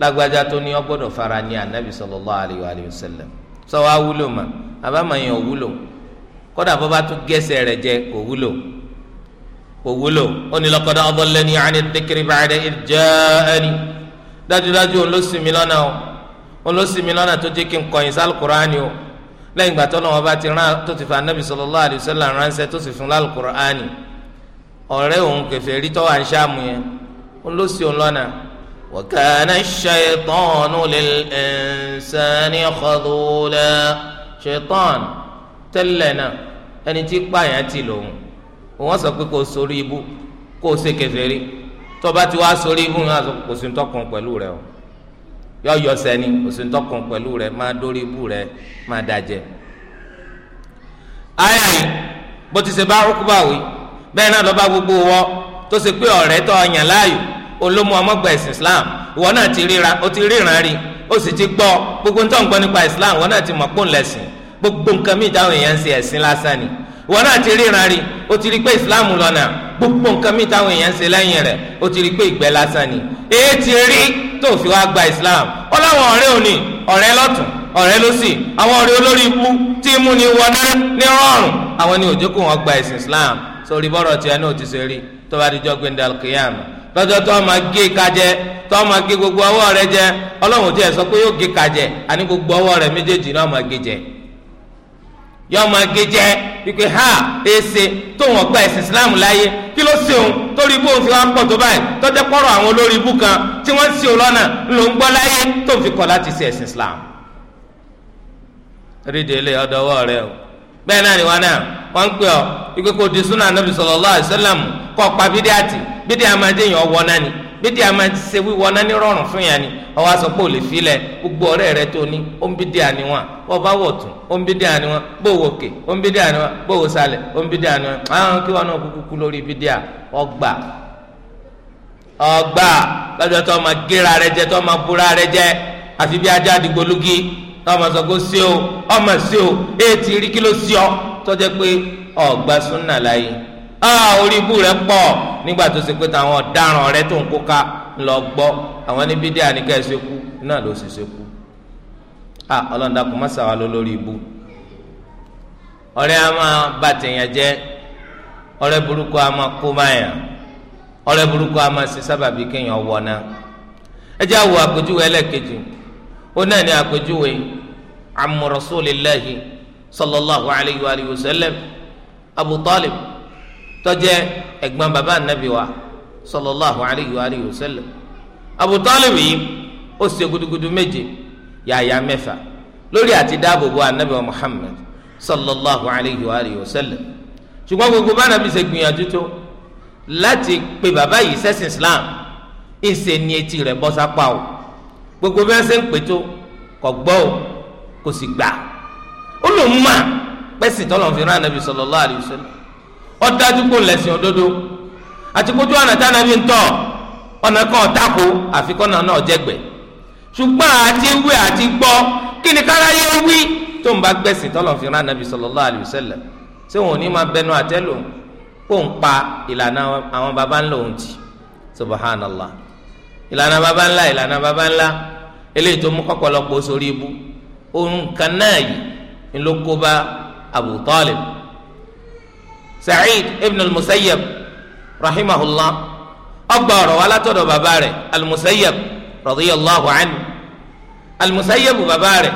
lágbájá tó ní ọgbọ́dọ̀ fara ní anabi sallallahu alayhi wa sallam sọ wá wúlò mà àbámayàn ò wúlò kódà bó bá tún gẹ́sẹ̀ rẹ̀ jẹ kò wúlò kò wúlò ó ní laqad adallani ani dhikri ba'da idh ja'ani dájúdájú òun ló tó jẹ́ kí n kọ̀yìn sálùkùránì o lẹ́yìn ìgbà tó lọ́wọ́ bá ti rán tó ti fa anabi sallallahu alaihi wasallam ránṣẹ́ tó sì fún lálùkùránì ọ̀rẹ́ òun kèfèrí tó wà ń ṣàmù yẹn ó ló sì òun lọ́nà wa kana ash-shaytanu lil-insani tẹ́lẹ̀ náà ẹni tí pààyàn ti lòun wọ́n sọ pé kò sórí ibú kò ṣe kèfèrí tó bá ti wá sórí ibú yẹn kò sí tọkùn pẹ̀lú rẹ̀ o yọ yọ sẹni òsèntọkùn pẹ̀lú rẹ̀ máa dórí ibú rẹ̀ máa dàjẹ. ayà yìí bó ti ṣe bá rúkúbà wí bẹ́ẹ̀ náà lọ́ba gbogbo wọ tó ṣe pé ọ̀rẹ́ tó ọyàn láàyò olómú ọmọgbà ẹ̀sìn Islam ìwọ náà ti ríra ó ti ríran rí ó sì ti gbọ́ gbogbo ń tọ́ ń gbọ́ nípa Islam ìwọ náà ti mọ̀ pọ́ńlẹ̀sìn gbogbo nǹkan míì èèyàn ń ṣe ẹ̀sìn lásán ni wọn náà ti ríran rí o ti rí pé islam lọ́nà gbogbo nǹkan mi táwọn èèyàn ń ṣe lẹ́yìn rẹ̀ o ti rí pé ìgbẹ́ lásán ni èyí ti rí tó fi wá gba islam ó láwọn ọ̀rẹ́ òní ọ̀rẹ́ lọ́tún ọ̀rẹ́ lọ́sì àwọn ọ̀rẹ́ olórí ikú tí mú ni wọná ní rọrùn àwọn ni òjò kò gba ẹ̀sìn islam sórí bọ́rọ̀ tiẹ̀ náà ti ṣe rí tó bá dijọ́ gbẹ̀ndà kìyàmù lọ́jọ́ tó máa gé kajẹ tó máa gé gbogbo ọwọ́ rẹ̀ jẹ ọlọ́run ò tiẹ̀ sọ pé yóò gé kajẹ àní gbogbo ọwọ́ rẹ̀ méjèèjì náà máa gé jẹ yọmọ ma jẹ ha èsè tóun ọgbà ẹsìn islam láyé kí ló ṣeun torí bóun fi wá pọ̀ tó báyìí tọ́jẹ́ pọ̀rọ̀ àwọn olórí ibú kan tí wọ́n ń ṣe òun ló ń tóun fi kọ láti ṣe ẹsìn islam. o náà ni wọn náà ń pè kò di pa bídíàtì bídí a máa ṣe wíwọ náà ní rọrùn fún yàn ni ọwọ́ aṣọ pé ò lè filẹ̀ gbogbo ọ̀rẹ́ rẹ tó ní ó ń bídí àní wọn bó bá wọ̀ tún ó ń bídí àní wọn bó wò òkè ó ń bídí àní wọn bó wò sàlẹ̀ ó ń bídí àní wọn àwọn kí wọn náà kúkú lórí bídí à ọgbà ọgbà lọ́jọ́ tó máa gíra rẹ jẹ tó máa búra rẹ jẹ àfi bí ajá àdìgbòlugi tó máa sọ sí o ọmọ sí o èyí ti rí kí ló sí ọ tó pé ọgbà súnà láyé Ah, orí ibú rẹ pọ̀ nígbà tó ṣe pé táwọn ọ̀daràn rẹ tó ń kóka lọ gbọ́ àwọn níbi díẹ̀ àníkẹ́ ṣe kú a ọlọ́dà kò má sàwà lọ lórí ibú ọ̀rẹ́ a máa bà tèèyàn jẹ́ ọ̀rẹ́ burúkú a máa kó báyà ọ̀rẹ́ burúkú a máa ṣe sábàbí kéèyàn ẹ jẹ́ àwọ̀ àpèjúwe ó náà ní àpèjúwe tó jẹ́ ẹ̀gbọ́n bàbá ànábì wa sallallahu alayhi wa alihi wa sallam Abu Talib yìí ó ṣe gudugudu méje yàyà mẹ́fà lórí àti dáàbò bo ànábì wa Muhammad sallallahu alayhi wa alihi wa sallam ṣùgbọ́n gbogbo bára mi ṣe gbìyànjú tó láti pe bàbá yìí sẹ́sìn Islam ìṣe ni etí rẹ̀ bọ́ sápá o gbogbo bí wọ́n ṣe ń pè tó kò gbọ́ o kò sì gbà ó lòun mà pẹ́sìn tọ́lọ́ fi rán ànábì sallallahu alayhi wa sallam ọdájú kó lẹsìn òdodo àti kójú ọ̀nà tá nàbí ntọ́ ọ̀nà kan tako àfikọ́nà náà jẹgbẹ́ ṣùgbọ́n àti wí àti gbọ́ kí ni káráyé wí tó ń bá gbẹ̀sìn tọ́lọ̀ fi rán nàbí sallallahu alaihi wasallam ṣé wọn ò ní máa bẹnu àtẹ́lò kó ń pa ìlànà àwọn baba ńlá òun jì subhanallah ìlànà baba ńlá ìlànà baba ńlá eléyìí tó mú kọ́kọ́lọ́pọ̀ sórí ibu òun kan náà yìí ńlọkọba Abu Talib Sa'id ibn al-Musayyab rahimahullah ọgbà ọ̀rọ̀ wa látọ̀dọ̀ bàbá rẹ̀ al-Musayyab radiyallahu anhu al-Musayyab bàbá rẹ̀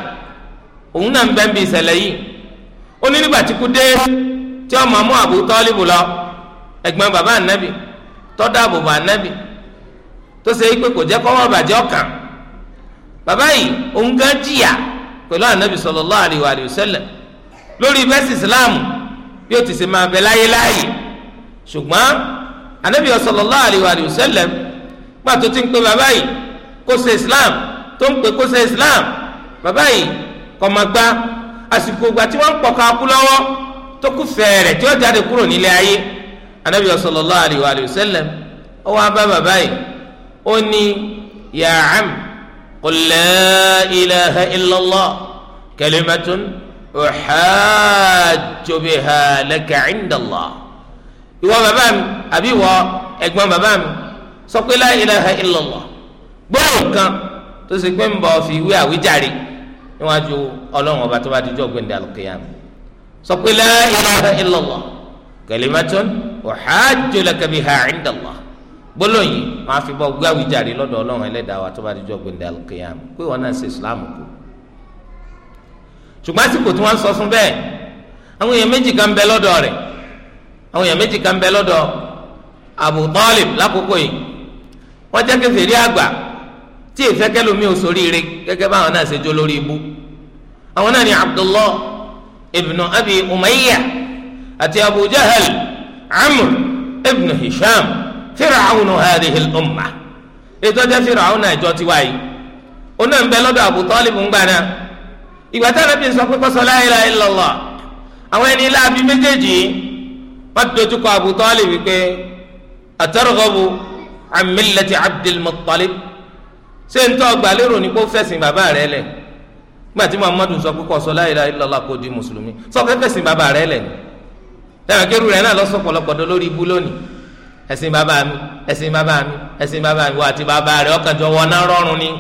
òun náà ń bẹ́ẹ̀ bí ìṣẹ̀lẹ̀ yìí ó ní nígbà tí kú dé tí ó máa mú Abu Talib lọ ẹ̀gbọ́n bàbá ànábì tọ́dá àbùbà ànábì tó ṣe pé kò jẹ́ kọ́ bàjẹ́ ọ̀kan bàbá yìí òun gan jìyà pẹ̀lú ànábì sallallahu alaihi wa sallam lórí bẹ́sì ìsìláàmù bí ó ti ṣe máa bẹ láyé láàyè ṣùgbọ́n anabi sallallahu alayhi wa sallam gbà tó ti ń pe bàbá yìí kó ṣe islam tó ń pe kó ṣe islam bàbá yìí kọ́ máa gbá àsìkò ìgbà tí wọ́n ń pọ̀ ká kú lọ́wọ́ tó kú fẹ́ẹ̀rẹ̀ tí ó jáde kúrò nílé ayé anabi sallallahu alayhi wa sallam ó wá bá bàbá yìí ó ní ya am qul la ilaha illallah kalimatun uhajju biha laka inda Allah ìwọ bàbá mi àbí ìwọ ẹ̀gbọ́n bàbá mi sọ pé la ilaha illallah gbọ́dọ̀ kan tó ṣe pé ń bọ̀ fi ìwé àwíjàre níwájú ọlọ́run ọba tó bá di ọjọ́ gbẹ̀ndẹ̀ al-qiyam sọ pé la ilaha illallah kalimatun uhajju laka biha inda Allah gbọ́dọ̀ yìí máa fi bọ́ gbé àwíjàre lọ́dọ̀ ọlọ́run ẹlẹ́dàá wa tó bá di ọjọ́ gbẹ̀ndẹ̀ al pé wọn náà ṣe islam kù ṣùgbọ́n àsìkò tí wọ́n ń sọ fún bẹ́ẹ̀ àwọn èèyàn méjì kan bẹ lọ́dọ̀ rẹ̀ àwọn èèyàn méjì kan bẹ lọ́dọ̀ Abu Talib lákòókò yìí wọ́n jẹ́ kèfèrí àgbà tí ìfẹ́kẹ́ lomi ò ṣoríire gẹ́gẹ́ báwọn náà ṣe jó lórí ibú àwọn náà ni Abdullah ibnu Abi Umayya àti Abu Amr ibnu Hisham Fir'aunu hadhihi al-umma ètò ọjọ́ Fir'aunu àjọ tiwa yìí ó náà ń bẹ lọ́dọ̀ Abu Talib ń ìgbà tí Ànábì sọ pé kọ́sọ́ la ilaha illallah àwọn ẹni láàbí méjèèjì wọ́n ti dojú kọ Abu Talib wípé atarghabu an millati Abdil Muttalib ṣé ń tọ́ ọgbà lérò ní kó fẹ̀sìn bàbá rẹ̀ lẹ̀ nígbà tí Muhammadu sọ pé kọ́sọ́ la ilaha illallah kó di mùsùlùmí sọ fẹ́ fẹ̀sìn bàbá rẹ̀ lẹ̀ ni tẹ́wọ̀n kẹ́rù rẹ̀ náà lọ́sọ̀ pọ̀lọpọ̀dọ̀ lórí ibú lónìí ẹ̀sìn bàbá mi ẹ̀sìn bàbá mi ẹ̀sìn bàbá mi wà àti bàbá rẹ̀ ọkàn jọ wọ náà rọrùn ni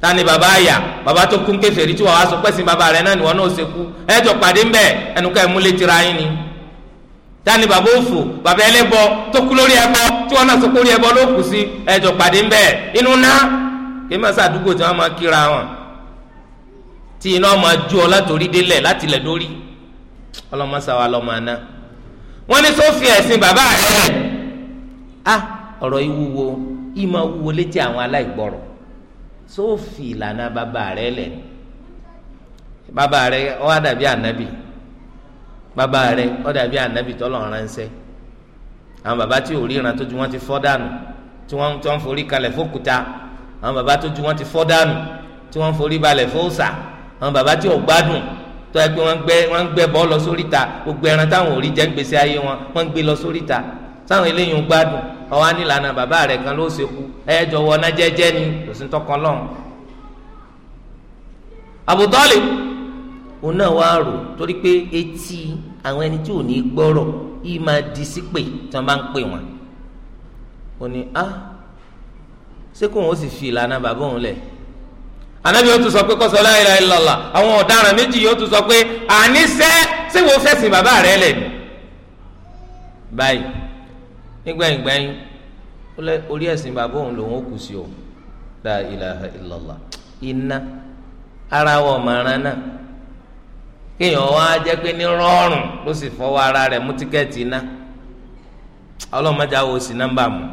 tani baba aya baba tó kún kèfèrí tí wàá wá sọ pẹ́sìn baba rẹ náà ni wọn náà ṣe kú ẹ jọ pàdé ńbẹ ẹnu ká ẹmú létí ra yín ni tani baba òfò baba ẹlẹ́bọ tó kú lórí ẹbọ tí wọn náà sọ pé orí ẹbọ ló kù sí ẹ jọ pàdé ńbẹ inú ná kìí má sàdúgbò tí wọn máa kíra wọn tí iná máa ju ọ látòrí délẹ̀ láti lẹ̀ lórí ọlọmọsàwà lọmọ wọn ní sọfì ẹ̀sìn baba rẹ ah ọ̀rọ̀ ìwúwo ìmọ̀ wúwo létí àwọn aláìgbọràn sófì ìlànà bàbá rẹ lẹ bàbá rẹ ó wá dàbí ànábì bàbá rẹ ó dàbí ànábì tọ́lọ̀ ránṣẹ́ àwọn bàbá tí ò ríran tójú wọn ti fọ́ dànù tí wọ́n tí wọ́n forí kalẹ̀ fókúta àwọn bàbá tójú wọn ti fọ́ dànù tí wọ́n forí balẹ̀ fóòsà àwọn bàbá tí ò gbádùn tó yẹ pé wọ́n gbé wọ́n gbé bọ́ lọ sóríta gbogbo ẹran táwọn ò rí jẹ gbèsè ayé wọn wọ́n gbé lọ sóríta sáwọn eléyìí ń gbádùn ọwọ anílànà bàbá rẹ̀ kan ló ṣe kú ẹjọ wọ ọ̀nà jẹ́jẹ́ ni kò sí tọkàn lọ́hùn. Abu òun náà wá rò torí pé etí àwọn ẹni tí ò ní gbọ́rọ̀ yìí máa di sípè tí wọ́n bá ń pè wọ́n. ó ní a ṣé kò wọ́n rẹ lẹ. nígbẹ̀yìn gbẹ̀yìn orí ẹ̀sìn bàbá òun lòun ó kù sí o la ilaha illallah iná ara wọ màrán náà kéèyàn wá jẹ pé ní rọrùn ló sì fọwọ ara rẹ̀ mú tíkẹ́ẹ̀tì iná ọlọ́mọdé àwọn òsì nọ́mbà mu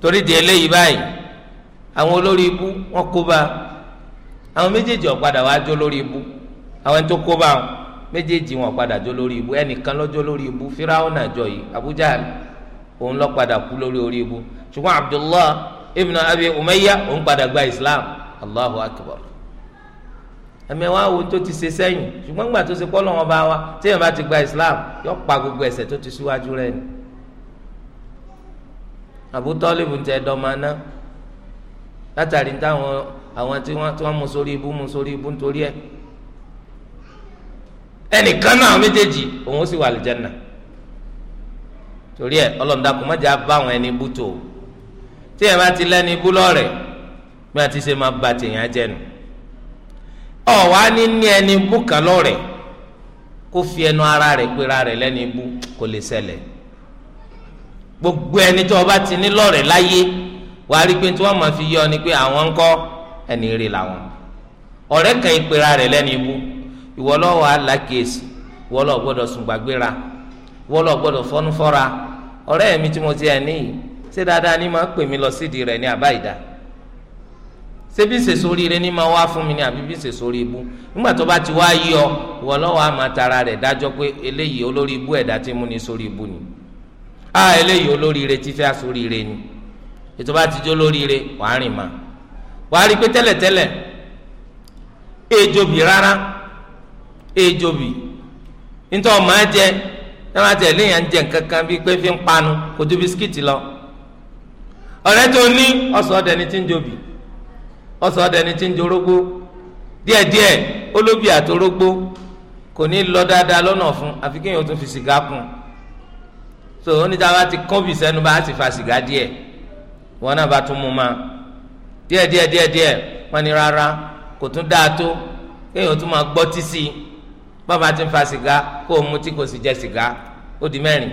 torí di eléyìí báyìí àwọn olórí ibú wọn kó bá àwọn méjèèjì ọ̀padà wàá jó lórí ibú àwọn tó kó bá wọn méjèèjì wọn òun lọ padà kú lórí orí ibu ṣùgbọ́n abdullah ibn abi umayya òun padà gba islam allahu akbar ẹ̀mẹ̀wá wo tó ti ṣe sẹ́yìn ṣùgbọ́n nígbà tó ṣe kọ́ lọ́wọ́ bá wa téèyàn bá ti gba islam yọ pa gbogbo ẹ̀ṣẹ̀ tó ti síwájú rẹ̀ ni Abu Talib ń tẹ dọ́mọ́ná látàrí táwọn àwọn tí wọ́n tí wọ́n mú sórí ibú mú sórí ibú nítorí ẹ̀ ẹnìkan náà méjèèjì òun ó sì wà àlùjánnà torí ẹ ọlọ́ọ̀dàkùn mọ́jà bá àwọn ẹni bú tó tí ẹ bá ti lẹ́ni bú lọ́rẹ̀ bí wọ́n ti ṣe máa ba tèèyàn jẹ́ nu ọ̀wá ní ní ẹni bú kan lọ́rẹ̀ kó fi ẹnu ara rẹ̀ pera rẹ̀ lẹ́ni bú kò lè ṣẹlẹ̀ gbogbo ẹni tí wọ́n bá ti ní lọ́rẹ̀ láyé wàá rí pé tí wọ́n máa fi yọ ni pé àwọn ń kọ́ ẹni rí làwọn ọ̀rẹ́ kan ìpera rẹ̀ lẹ́ni bú ìwọ alákèésì ìwọ gbọ́dọ̀ sùn gbàgbéra ìwọ gbọ́dọ̀ fọ́nú fọ́ra ọ̀rẹ́ mi tí mo ti ẹ̀ níyì ṣé dáadáa ni máa pè mí lọ sídìí rẹ̀ ní àbá ìdá ṣé bí ṣe sórí ire ni máa wá fún mi ni àbí bí ṣe sórí ibú nígbà tó bá ti wá yí ọ ìwọ lọ́wọ́ àmọ́ tara rẹ̀ dájọ́ pé eléyìí olórí ibú ẹ̀dá ti mú ni sórí ibú ni a eléyìí olórí ire ti fẹ́ sórí ire ni ètò bá ti jó lórí ire wàá rìn mà wàá rí i pé tẹ́lẹ̀tẹ́lẹ̀ èjòbì e rárá e bì, nítorí ọmọ ẹ jẹ ẹ máa tẹ̀lé yẹn ń jẹ nǹkan kan bíi pé fi ń panu kò ju bisikíìtì lọ ọ̀rẹ́ tó ní ọ̀sọ̀ ọ̀dẹni tí ń jobi ọ̀sọ̀ ọ̀dẹni tí ń jorógbó díẹ̀díẹ̀ olóbì àtorógbó kò ní lọ dáadáa lọ́nà fún àfi kéèyàn tún fi sìgá kún so oníta bá ti kọ́bì sẹ́nu bá ti fa sìgá díẹ̀ wọn náà bá tún mú ma díẹ̀díẹ̀ díẹ̀díẹ̀ wọn ni rárá kò tún dáa tó kéèyàn tún máa gbọ́ tí sí bàbá ti ń fa sìgá kó o mutí kó sì jẹ sìgá Odi di mẹ́rin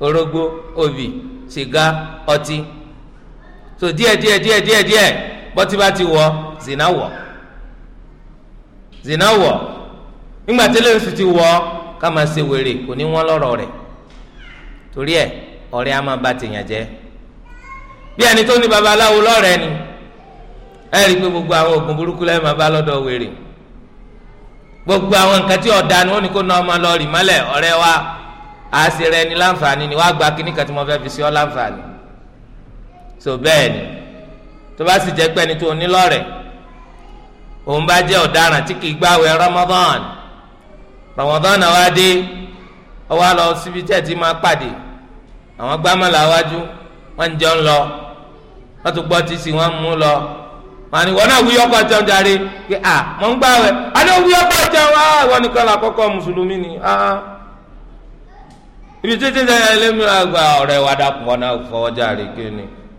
orógbó siga, sìgá ọtí so die die die díẹ̀ díẹ̀ bọ́tí bá ti zina wọ. zina wọ. nígbà tí lóyún ti wọ̀ kama se ṣe wèrè kò ní wọ́n lọ́rọ̀ rẹ̀ torí ẹ̀ ọ̀rẹ́ á máa bà tèèyàn jẹ́ bí ẹni tó ní babaláwo lọ́rẹ̀ẹ́ ni ẹ rí i pé gbogbo àwọn oògùn burúkú lẹ́yìn máa bá lọ́dọ̀ wèrè gbogbo àwọn nǹkan tí ọ̀dà ni wọ́n ní kó ná ọmọ lọ rì mọ́lẹ̀ ọ̀rẹ́ wa àṣìrẹ ni láǹfààní ni wàá gba kíní kan tí mo fẹ́ fi sí ọ láǹfààní so bẹ́ẹ̀ ni tó bá sì jẹ́ pé ẹni tó ní lọ́rẹ̀ òun bá jẹ́ ọ̀daràn tí kì í gbàwẹ̀ Ramadan Ramadan náà wá dé ọwọ́ àlọ́ síbi tẹ́ ti máa pàdé àwọn gbámọ̀lá wájú wọ́n ń jẹun lọ wọ́n tún gbọ́ títí wọ́n mú lọ wọ́n ní wọ́n náà wúyọ́ kọ́ jẹun jàre pé à mọ̀ ń gbàwẹ̀ àdéhùn wúyọ́ kọ́ jẹun àwọn ah, nìkan làkọ́kọ́ mùsùlùmí ni. Ah, ibi títí sẹ́yìn ẹlẹ́mi àgbà ọ̀rẹ́ wa dàpọ̀ náà fọwọ́ járe kí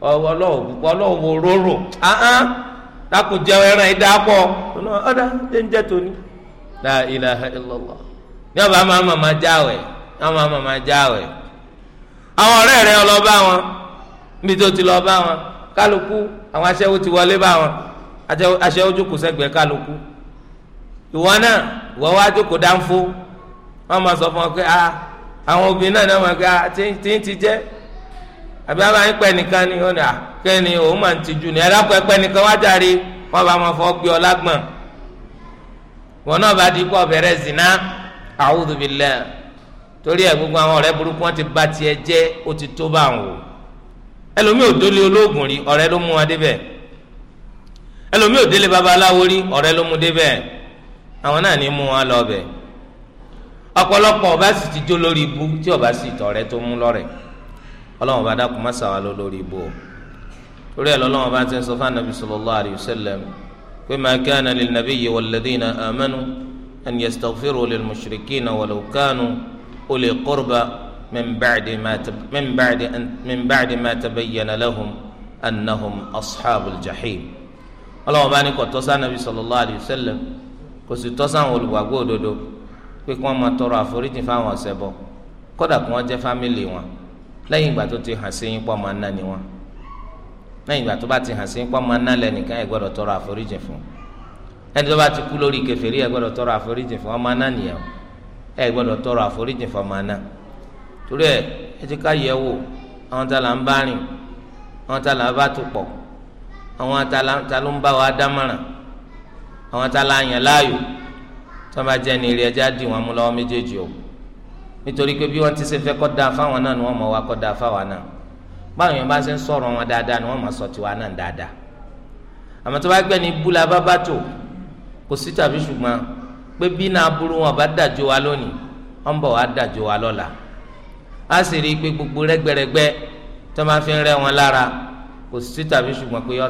ọwọ́ ọlọ́wọ́ púpọ̀ ọlọ́wọ́ róró ahán dàpọ̀ jẹ́ ẹran ẹ̀ dàpọ̀ ọ̀dà ṣé ń jẹ́ tóní. la ilaha illallah ní ọba máa ma àwọn máa àwọn ọ̀rẹ́ lọ bá wọn níbi tó ti lọ wọn kálukú àwọn aṣẹ́wó wọn aṣẹ́wó jókòó sẹ́gbẹ̀ẹ́ kálukú ìwọ wọn máa sọ ah, àwọn obìnrin náà náà tí ti jẹ́ àbí àwọn àyìn nìkan ni ó ní à òun máa ń tijú ni ẹ̀rọ pẹ́ nìkan wá jáde wọ́n bá wọn fọ́ gbé ọ náà bá di zina torí gbogbo àwọn burúkú wọn ti ba ó ti tó bá wọn o ẹlòmíì ò délé olóògùn rí ló mú ẹlòmíì ò délé náà ní ọ̀pọ̀lọpọ̀ ọba sì ti jó lórí ibu tí ọba sì tọ̀rẹ́ tó mú lọ́rẹ̀ ọlọ́run bá dákun má sàwà ló lórí ibu o torí ẹ lọ́lọ́run bá ti ń sọ fún anabi sallallahu alayhi wa sallam pé ma kana lil nabiyyi wal ladhina amanu an yastaghfiru lil mushrikina walau kanu uli qurba min ba'di ma min ba'di min ba'di ma tabayyana lahum annahum ashabul jahim ọlọ́run kò tọ́sán anabi sallallahu alayhi wa kò sì tọ́sán olùgbàgbọ́ òdodo. pé kí wọ́n máa tọrọ àforíjì fáwọn ọ̀sẹ̀ bọ̀ kódà kí fámìlì wọn lẹ́yìn ìgbà tó ti hàn máa wọn ìgbà tó bá ti hàn sí tọrọ àforíjì fún ẹni tó bá ti kú lórí tọrọ àforíjì fún ọmọ náà nìyẹn ẹ̀ tọrọ àforíjì fún ọmọ torí ẹ ẹ ti ká wò àwọn tá là ń bá rìn àwọn tá là ń tó máa jẹ́ ní ilé ẹjẹ́ á dì wọ́n mú lọ́wọ́ méjèèjì o nítorí pé bí wọ́n ti ṣe fẹ́ kọ́ da fáwọn náà ni wọ́n mọ̀ wá kọ́ da fáwọn náà báwọn yẹn bá ṣe ń sọ̀rọ̀ wọn dáadáa ni wọ́n mọ̀ sọ tiwa náà dáadáa àmọ́ tó bá gbẹ́ ní búlá bá bá tò kò sí tàbí ṣùgbọ́n pé bí náà burú wọn bá dàjọ́ wa lónìí wọ́n bọ̀ wá dàjọ́ wa lọ́la á sì rí i pé gbogbo rẹ́gbẹ̀rẹ́gbẹ́ tó máa fi ń rẹ́ wọn lára kò sí tàbí ṣùgbọ́n pé yọ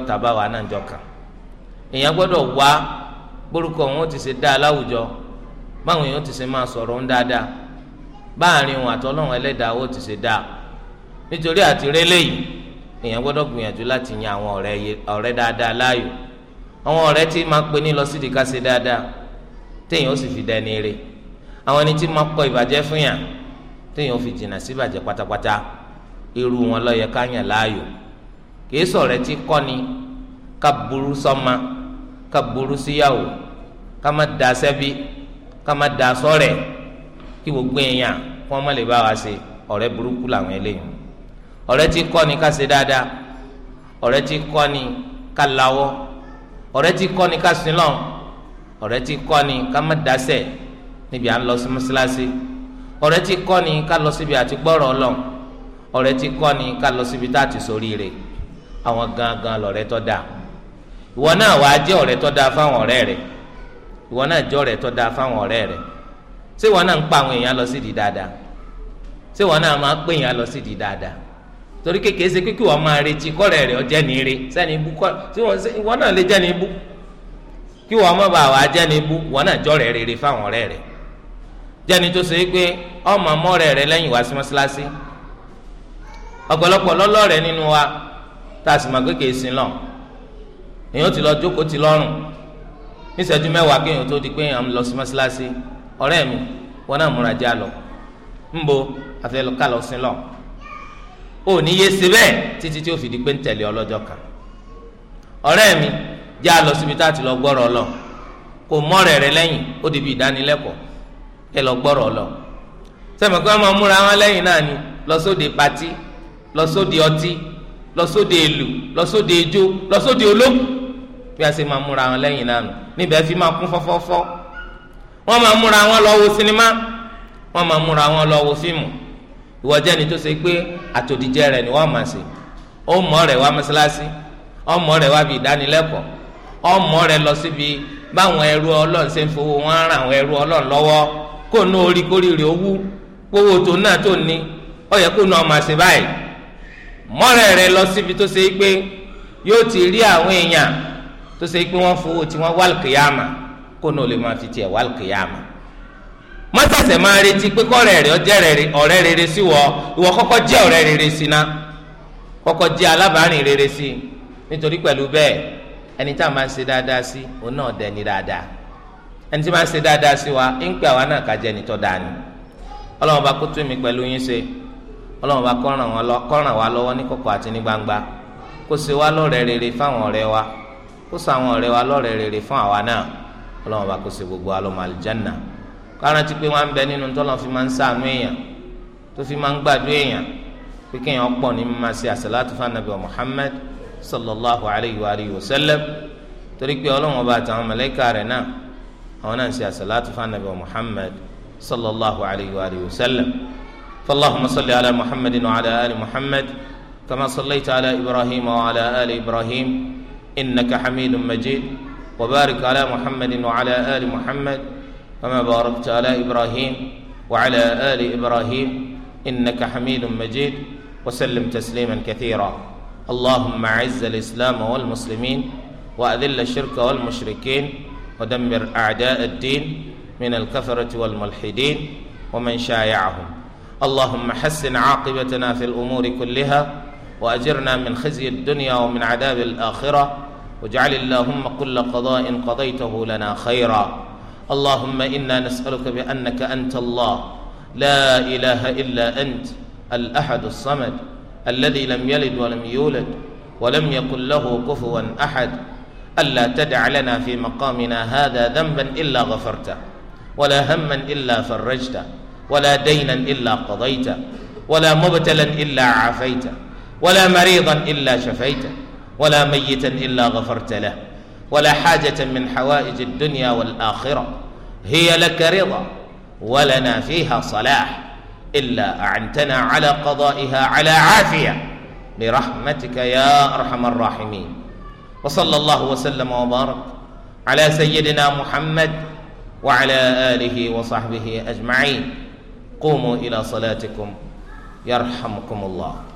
gbórúkọ wọn ti ṣe dáa láwùjọ báwọn èèyàn ti ṣe máa sọ̀rọ̀ ń dáadáa báàrin òun àtọ́lọ́run ẹlẹ́dàá ó ti ṣe dáa nítorí àti rélé yìí èèyàn gbọ́dọ̀ gbìyànjú láti yan àwọn ọ̀rẹ́ dáadáa láàyò àwọn ọ̀rẹ́ tí máa pe ní lọ sídìí ká ṣe dáadáa téèyàn ó sì fi dẹni rè àwọn ẹni tí máa kọ ìbàjẹ́ fún yàn téèyàn ó fi jìnnà sí ìbàjẹ́ pátápátá irú wọn ló yẹ ká láàyò kì sọ̀rẹ́ tí kọ́ni ká burú sọ́ma ká burú síyàwó ká má da sẹ́bí ká má da sọ́rẹ̀ kí gbogbo èèyàn kí wọ́n má lè bá wa ṣe ọ̀rẹ́ burúkú làwọn eléyìí ọ̀rẹ́ tí kọ́ ni ká ṣe dáadáa ọ̀rẹ́ tí kọ́ ni ká lawọ́ ọ̀rẹ́ tí kọ́ ni ká sin lọ́n ọ̀rẹ́ tí ni ká má dasẹ̀ níbi à ń lọ sí mọ́ṣáláṣí ọ̀rẹ́ tí ni ká lọ síbi àti gbọ́rọ̀ ọlọ́n ọ̀rẹ́ tí kọ́ ni ká lọ síbi tá a ti sórí rẹ̀ àwọn gangan lọ̀rẹ́ tó dáa. ìwọ náà wàá jẹ́ ọrẹ tọ da fáwọn ọrẹ rẹ ìwọ náà jẹ́ ọ̀rẹ́ tó dáa fáwọn rẹ ṣé ìwọ náà ń pa lọ si dáadáa ṣé ìwọ náà máa lọ torí kékeré ṣe kíkí wọn máa retí kọ́rẹ́ rẹ̀ ọjẹ́ ní ire sẹ́ni ibú kọ́ tí wọ́n ṣe ìwọ náà lè jẹ́ ní ibú kí wọ́n má bàa wá jẹ́ ní ibú wọ́n náà jọ́rẹ̀ rere fáwọn ọ̀rẹ́ tó wa tá èèyàn ti lọ jókòó ti lọ́rùn níṣẹ́jú mẹ́wàá kéèyàn tó di pé èèyàn lọ sí mọ́ṣáláṣí ọ̀rẹ́ mi wọn náà múra já lọ ńbo àfẹlùkà lọ sí lọ ò ní yé ṣe bẹ́ẹ̀ títí tí ó fi di pé ń tẹ̀lé ọlọ́jọ́ kan ọ̀rẹ́ mi já lọ síbi tá a ti lọ gbọ́rọ̀ lọ kò mọ́rẹ̀ rẹ lẹ́yìn ó di bí ìdánilẹ́kọ̀ọ́ ẹ lọ gbọ́rọ̀ lọ sẹ́mi máa múra wọn lẹ́yìn náà ni lọ sóde patí lọ sóde ọtí lọ sóde èlù lọ sóde ijó lọ sóde olókùn bí a ṣe máa múra wọn lẹ́yìn náà nù níbẹ̀ fi máa kún fọ́fọ́fọ́ wọ́n máa múra wọn lọ wo sinimá wọ́n máa múra wọn lọ wo fíìmù ìwọ jẹ́ ni tó ṣe pé àtòdìjẹ́ rẹ̀ ni wọ́n máa ṣe ọmọ rẹ̀ wá mọ́ṣáláṣí ọmọ rẹ̀ wá bí ìdánilẹ́kọ̀ọ́ ọmọ rẹ̀ lọ síbi báwọn ẹrú ọlọ́run ṣe ń fowó wọn ń ràn àwọn ẹrú ọlọ́run lọ́wọ́ kó ná orí kórì rẹ̀ owú gbowó tó náà tó ní ó yẹ kó ná ọmọ àṣẹ báyìí mọ́rẹ̀ rẹ̀ lọ síbi tó ṣe pé yóò ti rí àwọn èèyàn tó ṣe pé wọ́n fowó tí wọ́n wàlùkìyàmà kó náà lè máa fi tiẹ̀ wàlùkìyàmà mọ́tàsẹ̀ máa retí pé kọ́rẹ́ rẹ̀ ọjẹ́ ọ̀rẹ́ rere sí wọ ìwọ kọ́kọ́ jẹ́ ọ̀rẹ́ rere sí ná kọ́kọ́ jẹ́ alábàárìn rere sí nítorí pẹ̀lú bẹ́ẹ̀ ẹni tá a máa ń ṣe dáadáa sí òun náà dẹni dáadáa ẹni tí máa ṣe dáadáa wa ń pè àwa náà kájẹ ẹni tó ni ọlọ́run bá kó tún mi pẹ̀lú yín ṣe ọlọ́run bá ràn wá rere fáwọn ọ̀rẹ́ wa kó ṣe àwọn ọ̀rẹ́ wa lọ́rẹ́ rere fún àwa náà ọlọ́run bá kó ṣe gbogbo alọ́mọ àlìjánà kárántí pé wọ́n á ń bẹ nínú tọ́lọ́ fi máa ń ṣàánú èèyàn tó fi máa ń gbàdúrà èèyàn pé kéèyàn pọ̀ ní mímá sí àṣàlátù fún anabi Muhammad sallallahu alayhi wa alihi wa sallam torí pé ọlọ́run ọba àtàwọn mọ̀lẹ́kà rẹ̀ náà àwọn náà ń ṣe àṣàlátù fún sallallahu alayhi wa alihi wa sallam fallahumma salli ala Muhammadin wa ala ali Muhammad kama sallaita ala Ibrahim wa ala ali Ibrahim. إنك حميد مجيد وبارك على محمد وعلى آل محمد كما باركت على إبراهيم وعلى آل إبراهيم إنك حميد مجيد وسلم تسليما كثيرا اللهم عز الإسلام والمسلمين وأذل الشرك والمشركين ودمر أعداء الدين من الكفرة والملحدين ومن شايعهم اللهم حسن عاقبتنا في الأمور كلها وأجرنا من خزي الدنيا ومن عذاب الآخرة واجعل اللهم كل قضاء قضيته لنا خيرا اللهم انا نسالك بانك انت الله لا اله الا انت الاحد الصمد الذي لم يلد ولم يولد ولم يكن له كفوا احد الا تدع لنا في مقامنا هذا ذنبا الا غفرته ولا هما الا فرجته ولا دينا الا قضيته ولا مبتلا الا عافيته ولا مريضا الا شفيته ولا ميتا إلا غفرت له ولا حاجة من حوائج الدنيا والآخرة هي لك رضا ولنا فيها صلاح إلا أعنتنا على قضائها على عافية برحمتك يا أرحم الراحمين وصلى الله وسلم وبارك على سيدنا محمد وعلى آله وصحبه أجمعين قوموا إلى صلاتكم يرحمكم الله